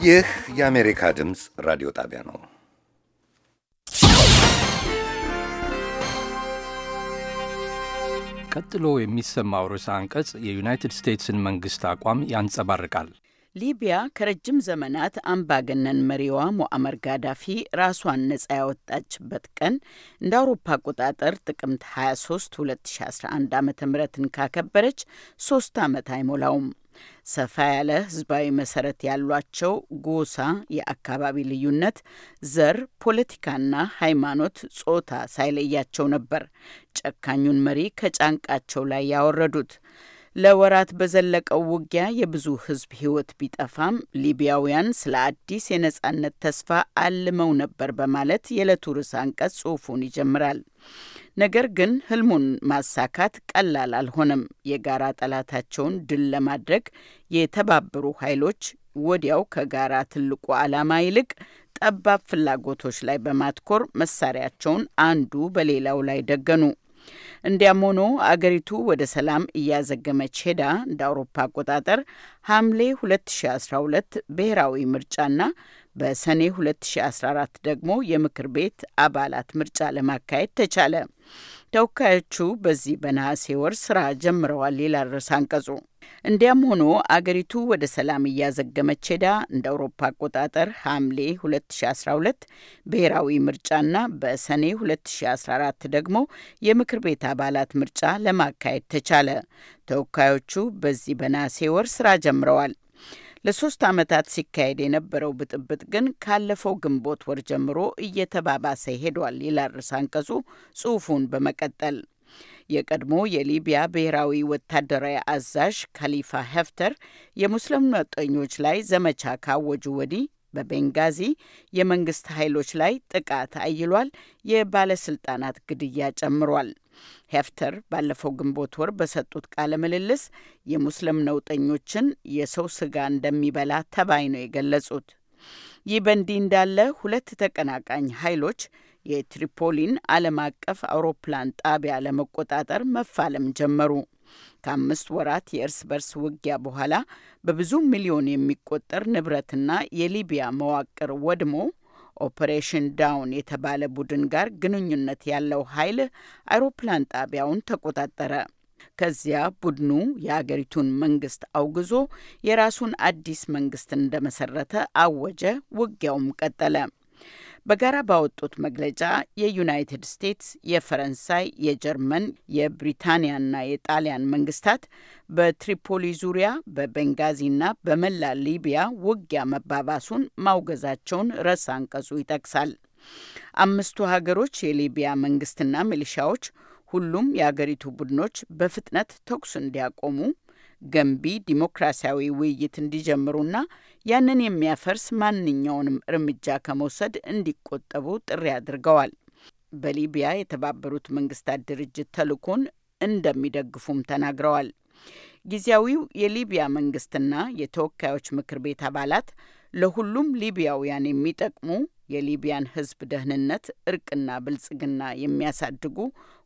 ይህ የአሜሪካ ድምፅ ራዲዮ ጣቢያ ነው። ቀጥሎ የሚሰማው ርዕሰ አንቀጽ የዩናይትድ ስቴትስን መንግሥት አቋም ያንጸባርቃል። ሊቢያ ከረጅም ዘመናት አምባገነን መሪዋ ሞአመር ጋዳፊ ራሷን ነጻ ያወጣችበት ቀን እንደ አውሮፓ አቆጣጠር ጥቅምት 23 2011 ዓ.ም ካከበረች ሶስት ዓመት አይሞላውም። ሰፋ ያለ ህዝባዊ መሰረት ያሏቸው ጎሳ፣ የአካባቢ ልዩነት፣ ዘር፣ ፖለቲካና ሃይማኖት፣ ጾታ ሳይለያቸው ነበር ጨካኙን መሪ ከጫንቃቸው ላይ ያወረዱት። ለወራት በዘለቀው ውጊያ የብዙ ሕዝብ ሕይወት ቢጠፋም ሊቢያውያን ስለ አዲስ የነጻነት ተስፋ አልመው ነበር በማለት የዕለቱ ርዕስ አንቀጽ ጽሑፉን ይጀምራል። ነገር ግን ህልሙን ማሳካት ቀላል አልሆነም። የጋራ ጠላታቸውን ድል ለማድረግ የተባበሩ ኃይሎች ወዲያው ከጋራ ትልቁ ዓላማ ይልቅ ጠባብ ፍላጎቶች ላይ በማትኮር መሳሪያቸውን አንዱ በሌላው ላይ ደገኑ። እንዲያም ሆኖ አገሪቱ ወደ ሰላም እያዘገመች ሄዳ እንደ አውሮፓ አቆጣጠር ሐምሌ 2012 ብሔራዊ ምርጫና በሰኔ 2014 ደግሞ የምክር ቤት አባላት ምርጫ ለማካሄድ ተቻለ። ተወካዮቹ በዚህ በነሐሴ ወር ስራ ጀምረዋል ይላል ርዕሰ አንቀጹ። እንዲያም ሆኖ አገሪቱ ወደ ሰላም እያዘገመች ሄዳ እንደ አውሮፓ አቆጣጠር ሐምሌ 2012 ብሔራዊ ምርጫና በሰኔ 2014 ደግሞ የምክር ቤት አባላት ምርጫ ለማካሄድ ተቻለ። ተወካዮቹ በዚህ በነሐሴ ወር ስራ ጀምረዋል። ለሶስት ዓመታት ሲካሄድ የነበረው ብጥብጥ ግን ካለፈው ግንቦት ወር ጀምሮ እየተባባሰ ሄዷል ይላል ርዕሰ አንቀጹ ጽሑፉን በመቀጠል የቀድሞ የሊቢያ ብሔራዊ ወታደራዊ አዛዥ ካሊፋ ሀፍተር የሙስሊም ነውጠኞች ላይ ዘመቻ ካወጁ ወዲህ በቤንጋዚ የመንግስት ኃይሎች ላይ ጥቃት አይሏል፣ የባለስልጣናት ግድያ ጨምሯል። ሄፍተር ባለፈው ግንቦት ወር በሰጡት ቃለ ምልልስ የሙስሊም ነውጠኞችን የሰው ስጋ እንደሚበላ ተባይ ነው የገለጹት። ይህ በእንዲህ እንዳለ ሁለት ተቀናቃኝ ኃይሎች የትሪፖሊን ዓለም አቀፍ አውሮፕላን ጣቢያ ለመቆጣጠር መፋለም ጀመሩ። ከአምስት ወራት የእርስ በርስ ውጊያ በኋላ በብዙ ሚሊዮን የሚቆጠር ንብረትና የሊቢያ መዋቅር ወድሞ ኦፕሬሽን ዳውን የተባለ ቡድን ጋር ግንኙነት ያለው ኃይል አውሮፕላን ጣቢያውን ተቆጣጠረ። ከዚያ ቡድኑ የአገሪቱን መንግስት አውግዞ የራሱን አዲስ መንግስት እንደመሰረተ አወጀ። ውጊያውም ቀጠለ። በጋራ ባወጡት መግለጫ የዩናይትድ ስቴትስ፣ የፈረንሳይ፣ የጀርመን፣ የብሪታንያና የጣሊያን መንግስታት በትሪፖሊ ዙሪያ በቤንጋዚና በመላ ሊቢያ ውጊያ መባባሱን ማውገዛቸውን ርዕሰ አንቀጹ ይጠቅሳል። አምስቱ ሀገሮች የሊቢያ መንግስትና ሚሊሻዎች ሁሉም የአገሪቱ ቡድኖች በፍጥነት ተኩስ እንዲያቆሙ ገንቢ ዲሞክራሲያዊ ውይይት እንዲጀምሩና ያንን የሚያፈርስ ማንኛውንም እርምጃ ከመውሰድ እንዲቆጠቡ ጥሪ አድርገዋል። በሊቢያ የተባበሩት መንግስታት ድርጅት ተልኮን እንደሚደግፉም ተናግረዋል። ጊዜያዊው የሊቢያ መንግስትና የተወካዮች ምክር ቤት አባላት ለሁሉም ሊቢያውያን የሚጠቅሙ የሊቢያን ሕዝብ ደህንነት፣ እርቅና ብልጽግና የሚያሳድጉ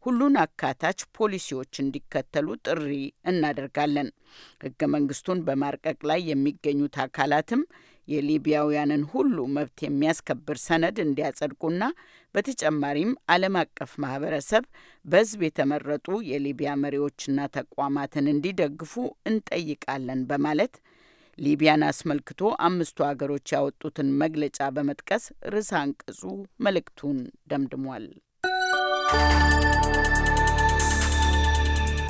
ሁሉን አካታች ፖሊሲዎች እንዲከተሉ ጥሪ እናደርጋለን። ህገ መንግስቱን በማርቀቅ ላይ የሚገኙት አካላትም የሊቢያውያንን ሁሉ መብት የሚያስከብር ሰነድ እንዲያጸድቁና በተጨማሪም ዓለም አቀፍ ማህበረሰብ በህዝብ የተመረጡ የሊቢያ መሪዎችና ተቋማትን እንዲደግፉ እንጠይቃለን በማለት ሊቢያን አስመልክቶ አምስቱ አገሮች ያወጡትን መግለጫ በመጥቀስ ርዕሰ አንቀጹ መልእክቱን ደምድሟል።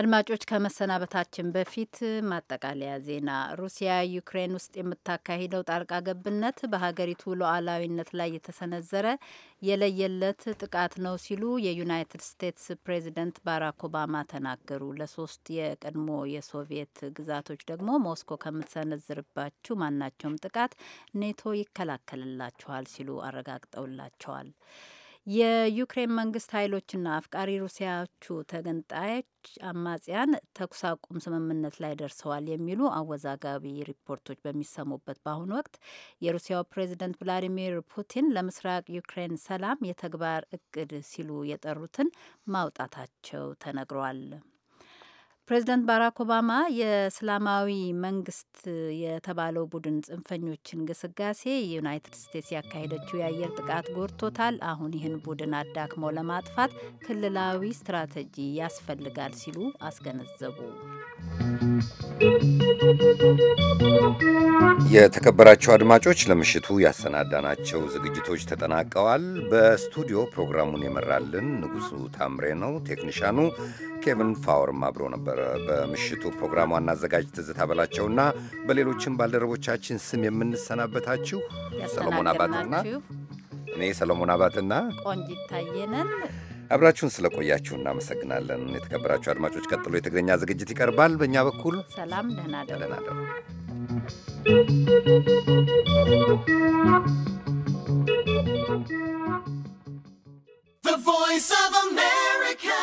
አድማጮች ከመሰናበታችን በፊት ማጠቃለያ ዜና። ሩሲያ ዩክሬን ውስጥ የምታካሂደው ጣልቃ ገብነት በሀገሪቱ ሉዓላዊነት ላይ የተሰነዘረ የለየለት ጥቃት ነው ሲሉ የዩናይትድ ስቴትስ ፕሬዚደንት ባራክ ኦባማ ተናገሩ። ለሶስት የቀድሞ የሶቪየት ግዛቶች ደግሞ ሞስኮ ከምትሰነዝርባችሁ ማናቸውም ጥቃት ኔቶ ይከላከልላችኋል ሲሉ አረጋግጠውላቸዋል። የዩክሬን መንግስት ኃይሎችና አፍቃሪ ሩሲያዎቹ ተገንጣዮች አማጽያን ተኩስ አቁም ስምምነት ላይ ደርሰዋል የሚሉ አወዛጋቢ ሪፖርቶች በሚሰሙበት በአሁኑ ወቅት የሩሲያው ፕሬዚደንት ቭላዲሚር ፑቲን ለምስራቅ ዩክሬን ሰላም የተግባር እቅድ ሲሉ የጠሩትን ማውጣታቸው ተነግሯል። ፕሬዚደንት ባራክ ኦባማ የእስላማዊ መንግስት የተባለው ቡድን ጽንፈኞችን ግስጋሴ ዩናይትድ ስቴትስ ያካሄደችው የአየር ጥቃት ጎድቶታል፣ አሁን ይህን ቡድን አዳክሞ ለማጥፋት ክልላዊ ስትራቴጂ ያስፈልጋል ሲሉ አስገነዘቡ። የተከበራቸው አድማጮች ለምሽቱ ያሰናዳናቸው ዝግጅቶች ተጠናቀዋል። በስቱዲዮ ፕሮግራሙን የመራልን ንጉሱ ታምሬ ነው። ቴክኒሻኑ ኬቪን ፋወርም አብሮ ነበረ። በምሽቱ ፕሮግራም ዋና አዘጋጅ ትዝታ በላቸውና በሌሎችም ባልደረቦቻችን ስም የምንሰናበታችሁ ሰሎሞን አባትና እኔ ሰሎሞን አባትና ቆንጅ ይታየነን አብራችሁን ስለቆያችሁ እናመሰግናለን። የተከበራችሁ አድማጮች፣ ቀጥሎ የትግርኛ ዝግጅት ይቀርባል። በእኛ በኩል ሰላም፣ ደህና ደሩ። The Voice of America.